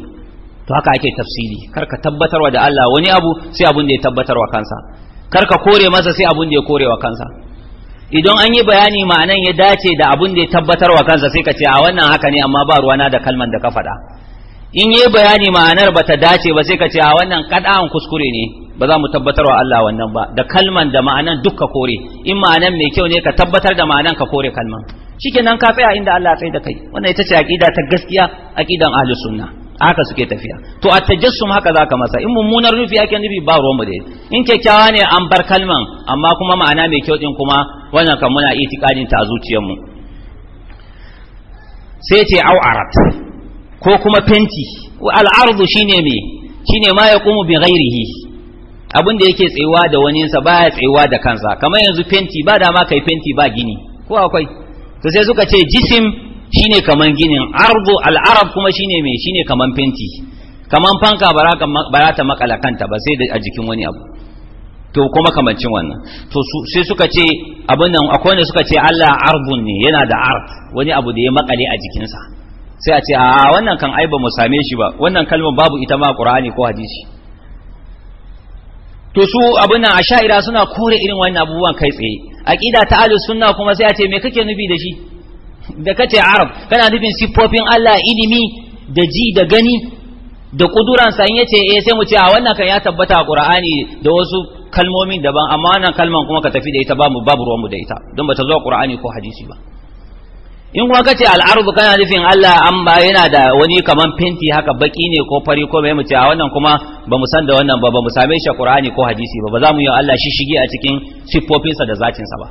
to haka ake tafsiri kar ka tabbatarwa da Allah wani abu sai abun da ya tabbatarwa kansa kar ka kore masa sai abun da ya korewa kansa idan an yi bayani ma'anan ya dace da abun da ya tabbatar wa kansa sai ka ce a wannan haka ne amma ba ruwana da kalman da ka faɗa in yi bayani ma'anar ba ta dace ba sai ka ce a wannan kada'an kuskure ne ba za mu tabbatar wa Allah wannan ba da kalman da ma'anan duk ka kore in ma'anan mai kyau ne ka tabbatar da ma'anan ka kore kalman shikenan ka tsaya inda Allah ya tsaya da kai wannan ita ce aqida ta gaskiya aqidan ahlus sunna haka suke tafiya to a tajassum haka zaka masa in mummunar nufi ake nufi ba ruwan mu da in kyakkyawa ne an bar kalman amma kuma ma'ana mai kyau din kuma wannan kan muna itikadin ta zuciyar mu sai ce au arat ko kuma fenti al ardu shine me shine ma yaqumu bi ghairihi abin da yake tsayuwa da wani sa baya tsayuwa da kansa kamar yanzu fenti ba dama kai fenti ba gini ko akwai to sai suka ce jisim shine kaman ginin ardu al'arab kuma shine mai shine kaman fenti kaman fanka ba ta makala kanta ba sai da a jikin wani abu to kuma kamancin wannan to sai suka ce abin nan akwai ne suka ce Allah arbun ne yana da art wani abu da ya makale a jikinsa sai a ce a wannan kan ai ba mu same shi ba wannan kalmar babu ita ma Qur'ani ko hadisi to su abin nan asha'ira suna kore irin wannan abubuwan kai tsaye aqida ta ahlus sunna kuma sai a ce me kake nubi da shi da kace arab kana nufin siffofin Allah ilimi da ji da gani da kuduran in yace eh sai mu ce a wannan kan ya tabbata a Qur'ani da wasu kalmomin daban amma wannan kalman kuma ka tafi da ita babu babu ruwan mu da ita don bata zo Qur'ani ko hadisi ba in kuma kace al-ardu kana nufin Allah an ba yana da wani kaman fenti haka baki ne ko fari ko mai mu ce a wannan kuma ba mu san da wannan ba ba mu same shi Qur'ani ko hadisi ba ba za mu yi Allah shi shige a cikin siffofinsa da sa ba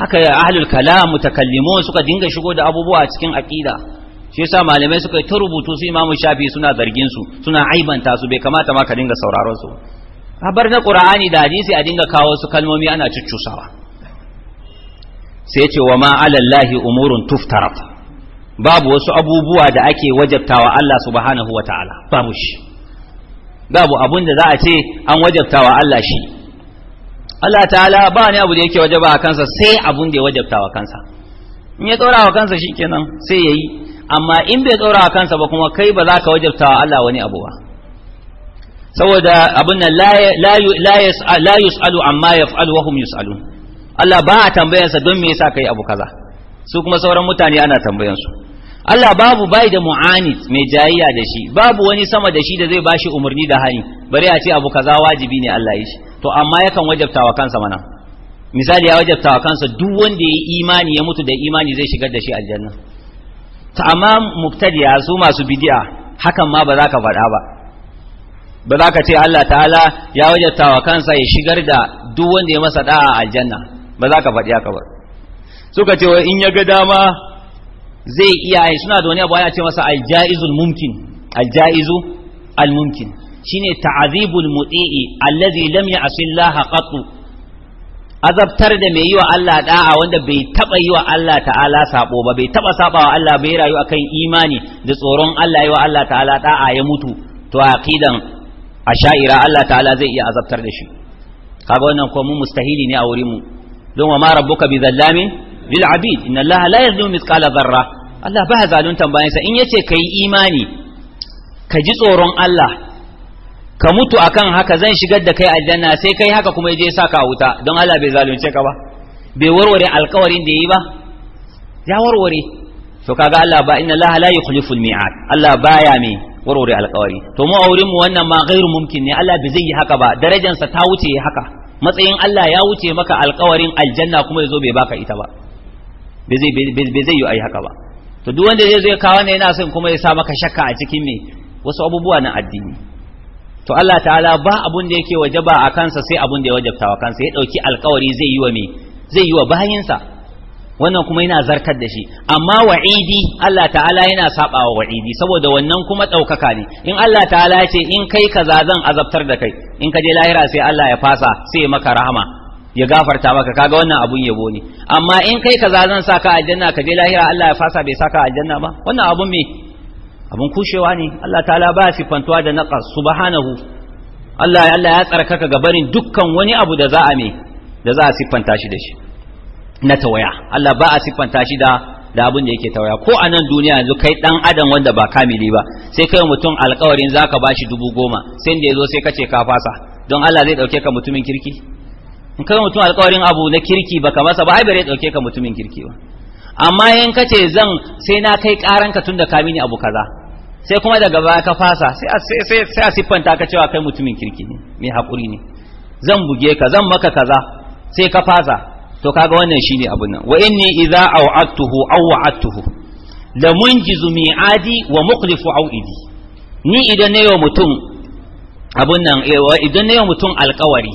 haka ya ahlul kalam mutakallimun suka dinga shigo da abubuwa cikin aqida shi yasa malamai suka yi ta rubutu su imamu shafi suna zargin su suna aibanta su bai kamata ma ka dinga sauraron su habar na qur'ani da hadisi a dinga kawo su kalmomi ana cuccusawa sai ce wa ma alallahi umurun tuftarat babu wasu abubuwa da ake wajabtawa Allah subhanahu wataala babu shi babu abun da za a ce an wajabtawa Allah shi Allah ta'ala ba ni abu da yake wajaba a kansa sai abun da ya wajabta wa kansa in ya tsora wa kansa shikenan sai yayi amma in bai tsora wa kansa ba kuma kai ba za ka wajabta wa Allah wani abu ba saboda abun nan la yus'alu amma yaf'alu wa hum yus'alun Allah ba a tambayansa don me yasa kai abu kaza su kuma sauran mutane ana tambayansu Allah babu bai da mu'anid mai jayayya da shi babu wani sama da shi da zai bashi umarni da hani bari a ce abu kaza wajibi ne Allah yi shi to amma yakan wajabta wa kansa mana misali ya wajabta wa kansa duk wanda ya yi imani ya mutu da imani zai shigar da shi aljanna to amma mubtadi'a su masu bid'a hakan ma ba za ka faɗa ba ba za ka ce Allah ta'ala ya wajabta wa kansa ya shigar da duk wanda ya masa da'a aljanna ba za ka faɗi haka ba suka ce in ya ga dama zai iya suna da wani abu ana ce masa aljaizul mumkin aljaizu almumkin shine ta'azibul muti'i allazi lam ya'si Allah qattu azabtar da mai yi wa Allah da'a wanda bai taba yi wa Allah ta'ala sabo ba bai taba saba wa Allah bai rayu akan imani da tsoron Allah yi wa Allah ta'ala da'a ya mutu to aqidan asha'ira Allah ta'ala zai iya azabtar da shi kaga wannan ko mu mustahili ne a wurin mu don wa ma rabbuka bi zallamin lil abid inna Allah la yazlimu mithqala dharra Allah ba zaluntan bayansa in yace kai imani ka ji tsoron Allah ka mutu akan haka zan shigar da kai aljanna sai kai haka kuma je sa ka wuta don Allah bai zalunce ka ba bai warware alkawarin da yi ba ya warware to kaga Allah ba inna Allah la yukhlifu al-mi'ad Allah baya mai warware alkawari to mu auren mu wannan ma ghairu mumkin ne Allah bai zai yi haka ba darajansa ta wuce haka matsayin Allah ya wuce maka alkawarin aljanna kuma yazo bai baka ita ba bai zai yi ai haka ba to duk wanda zai zo ya kawo ne yana son kuma ya sa maka shakka a cikin me wasu abubuwa na addini to Allah ta'ala ba abun da yake wajaba a kansa sai abun da ya wajabta wa kansa ya dauki alkawari zai yi wa me zai yi wa bayinsa wannan kuma yana zarkar da shi amma wa'idi Allah ta'ala yana sabawa wa'idi saboda wannan kuma ɗaukaka ne in Allah ta'ala ya ce in kai kaza zan azabtar da kai in ka je lahira sai Allah ya fasa sai maka rahama ya gafarta maka kaga wannan abun yabo ne amma in kai kaza zan saka aljanna ka je lahira Allah ya fasa bai saka aljanna ba wannan abun me abin kushewa ne Allah ta'ala ba fi kwantuwa da naqas subhanahu Allah ya Allah ya tsarkaka ga barin dukkan wani abu da za a me da za a siffanta shi da shi na tawaya Allah ba a siffanta shi da da abin da yake tawaya ko a nan duniya yanzu kai dan adam wanda ba kamili ba sai kai mutum alƙawarin zaka bashi dubu goma sai da yazo sai kace ka fasa don Allah zai dauke ka mutumin kirki in kai mutum alƙawarin abu na kirki baka masa ba ai bare dauke ka mutumin kirki ba amma in kace zan sai na kai karanka tunda ka mini abu kaza sai kuma daga baya ka fasa sai a siffanta ka cewa kai mutumin kirki ne mai haƙuri ne zan buge ka zan maka kaza sai ka fasa to kaga wannan shine abun nan wa inni idza au'attuhu aw wa'attuhu la munjizu mi'adi wa muqlifu au'idi ni idan ne mutum abun nan eh, idan ne mutum alƙawari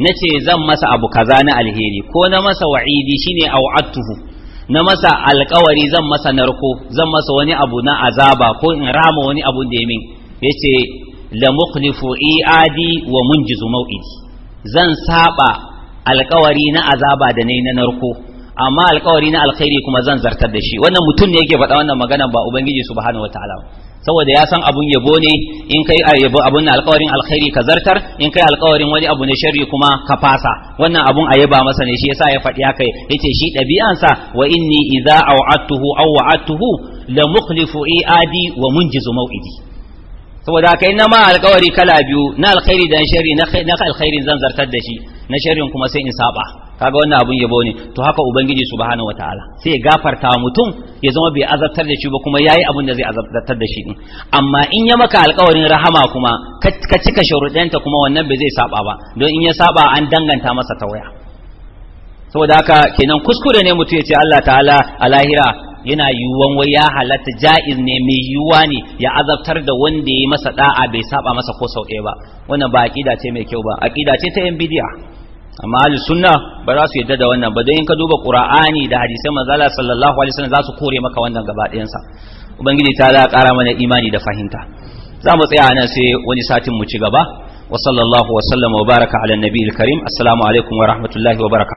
nace zan masa abu kaza na alheri ko na masa wa'idi shine au'attuhu na masa alkawari zan masa narko zan masa wani abu na azaba ko in rama wani abu da yamin yace la mukhlifu iadi wa munjizu mau'idi zan saba alkawari na azaba da nayi na narko amma alkawari na alkhairi kuma zan zartar da shi wannan mutum ne yake faɗa wannan magana ba ubangiji subhanahu wataala saboda ya san abun yabo ne in kai yabo abun alƙawarin alkhairi ka zartar in kai alƙawarin wani abu ne sharri kuma ka fasa wannan abun a yaba masa ne shi yasa ya faɗi haka yace shi ɗabi'ansa wa inni idza au'attuhu aw wa'attuhu la mukhlifu i'adi wa munjizu maw'idi saboda kai nama ma alƙawari kala biyu na alkhairi da sharri na alkhairin zan zartar da shi na sharrin kuma sai in saba kaga wannan abun yabo ne to haka ubangiji subhanahu wataala sai ya gafarta mutum ya zama bai azabtar da shi ba kuma yayi abun da zai azabtar da shi din amma in ya maka alƙawarin rahama kuma ka cika shuruɗanta kuma wannan bai zai saba ba don in ya saba an danganta masa tawaya. saboda haka kenan kuskure ne mutum ya ce Allah ta'ala a lahira yana yiwuwan wai ya halatta ja'iz ne mai yiwuwa ne ya azabtar da wanda ya yi masa da'a bai saba masa ko sau ɗaya ba wannan ba aƙida ce mai kyau ba aƙida ce ta yan bidiya amma ahli sunna ba za su yadda da wannan ba don in ka duba qur'ani da hadisai manzala sallallahu alaihi wasallam za su kore maka wannan gaba ɗayan sa ubangiji ta la ƙara mana imani da fahimta za mu tsaya nan sai wani satin mu ci gaba wa sallallahu wa sallama wa baraka ala nabiyil karim assalamu alaikum wa rahmatullahi wa baraka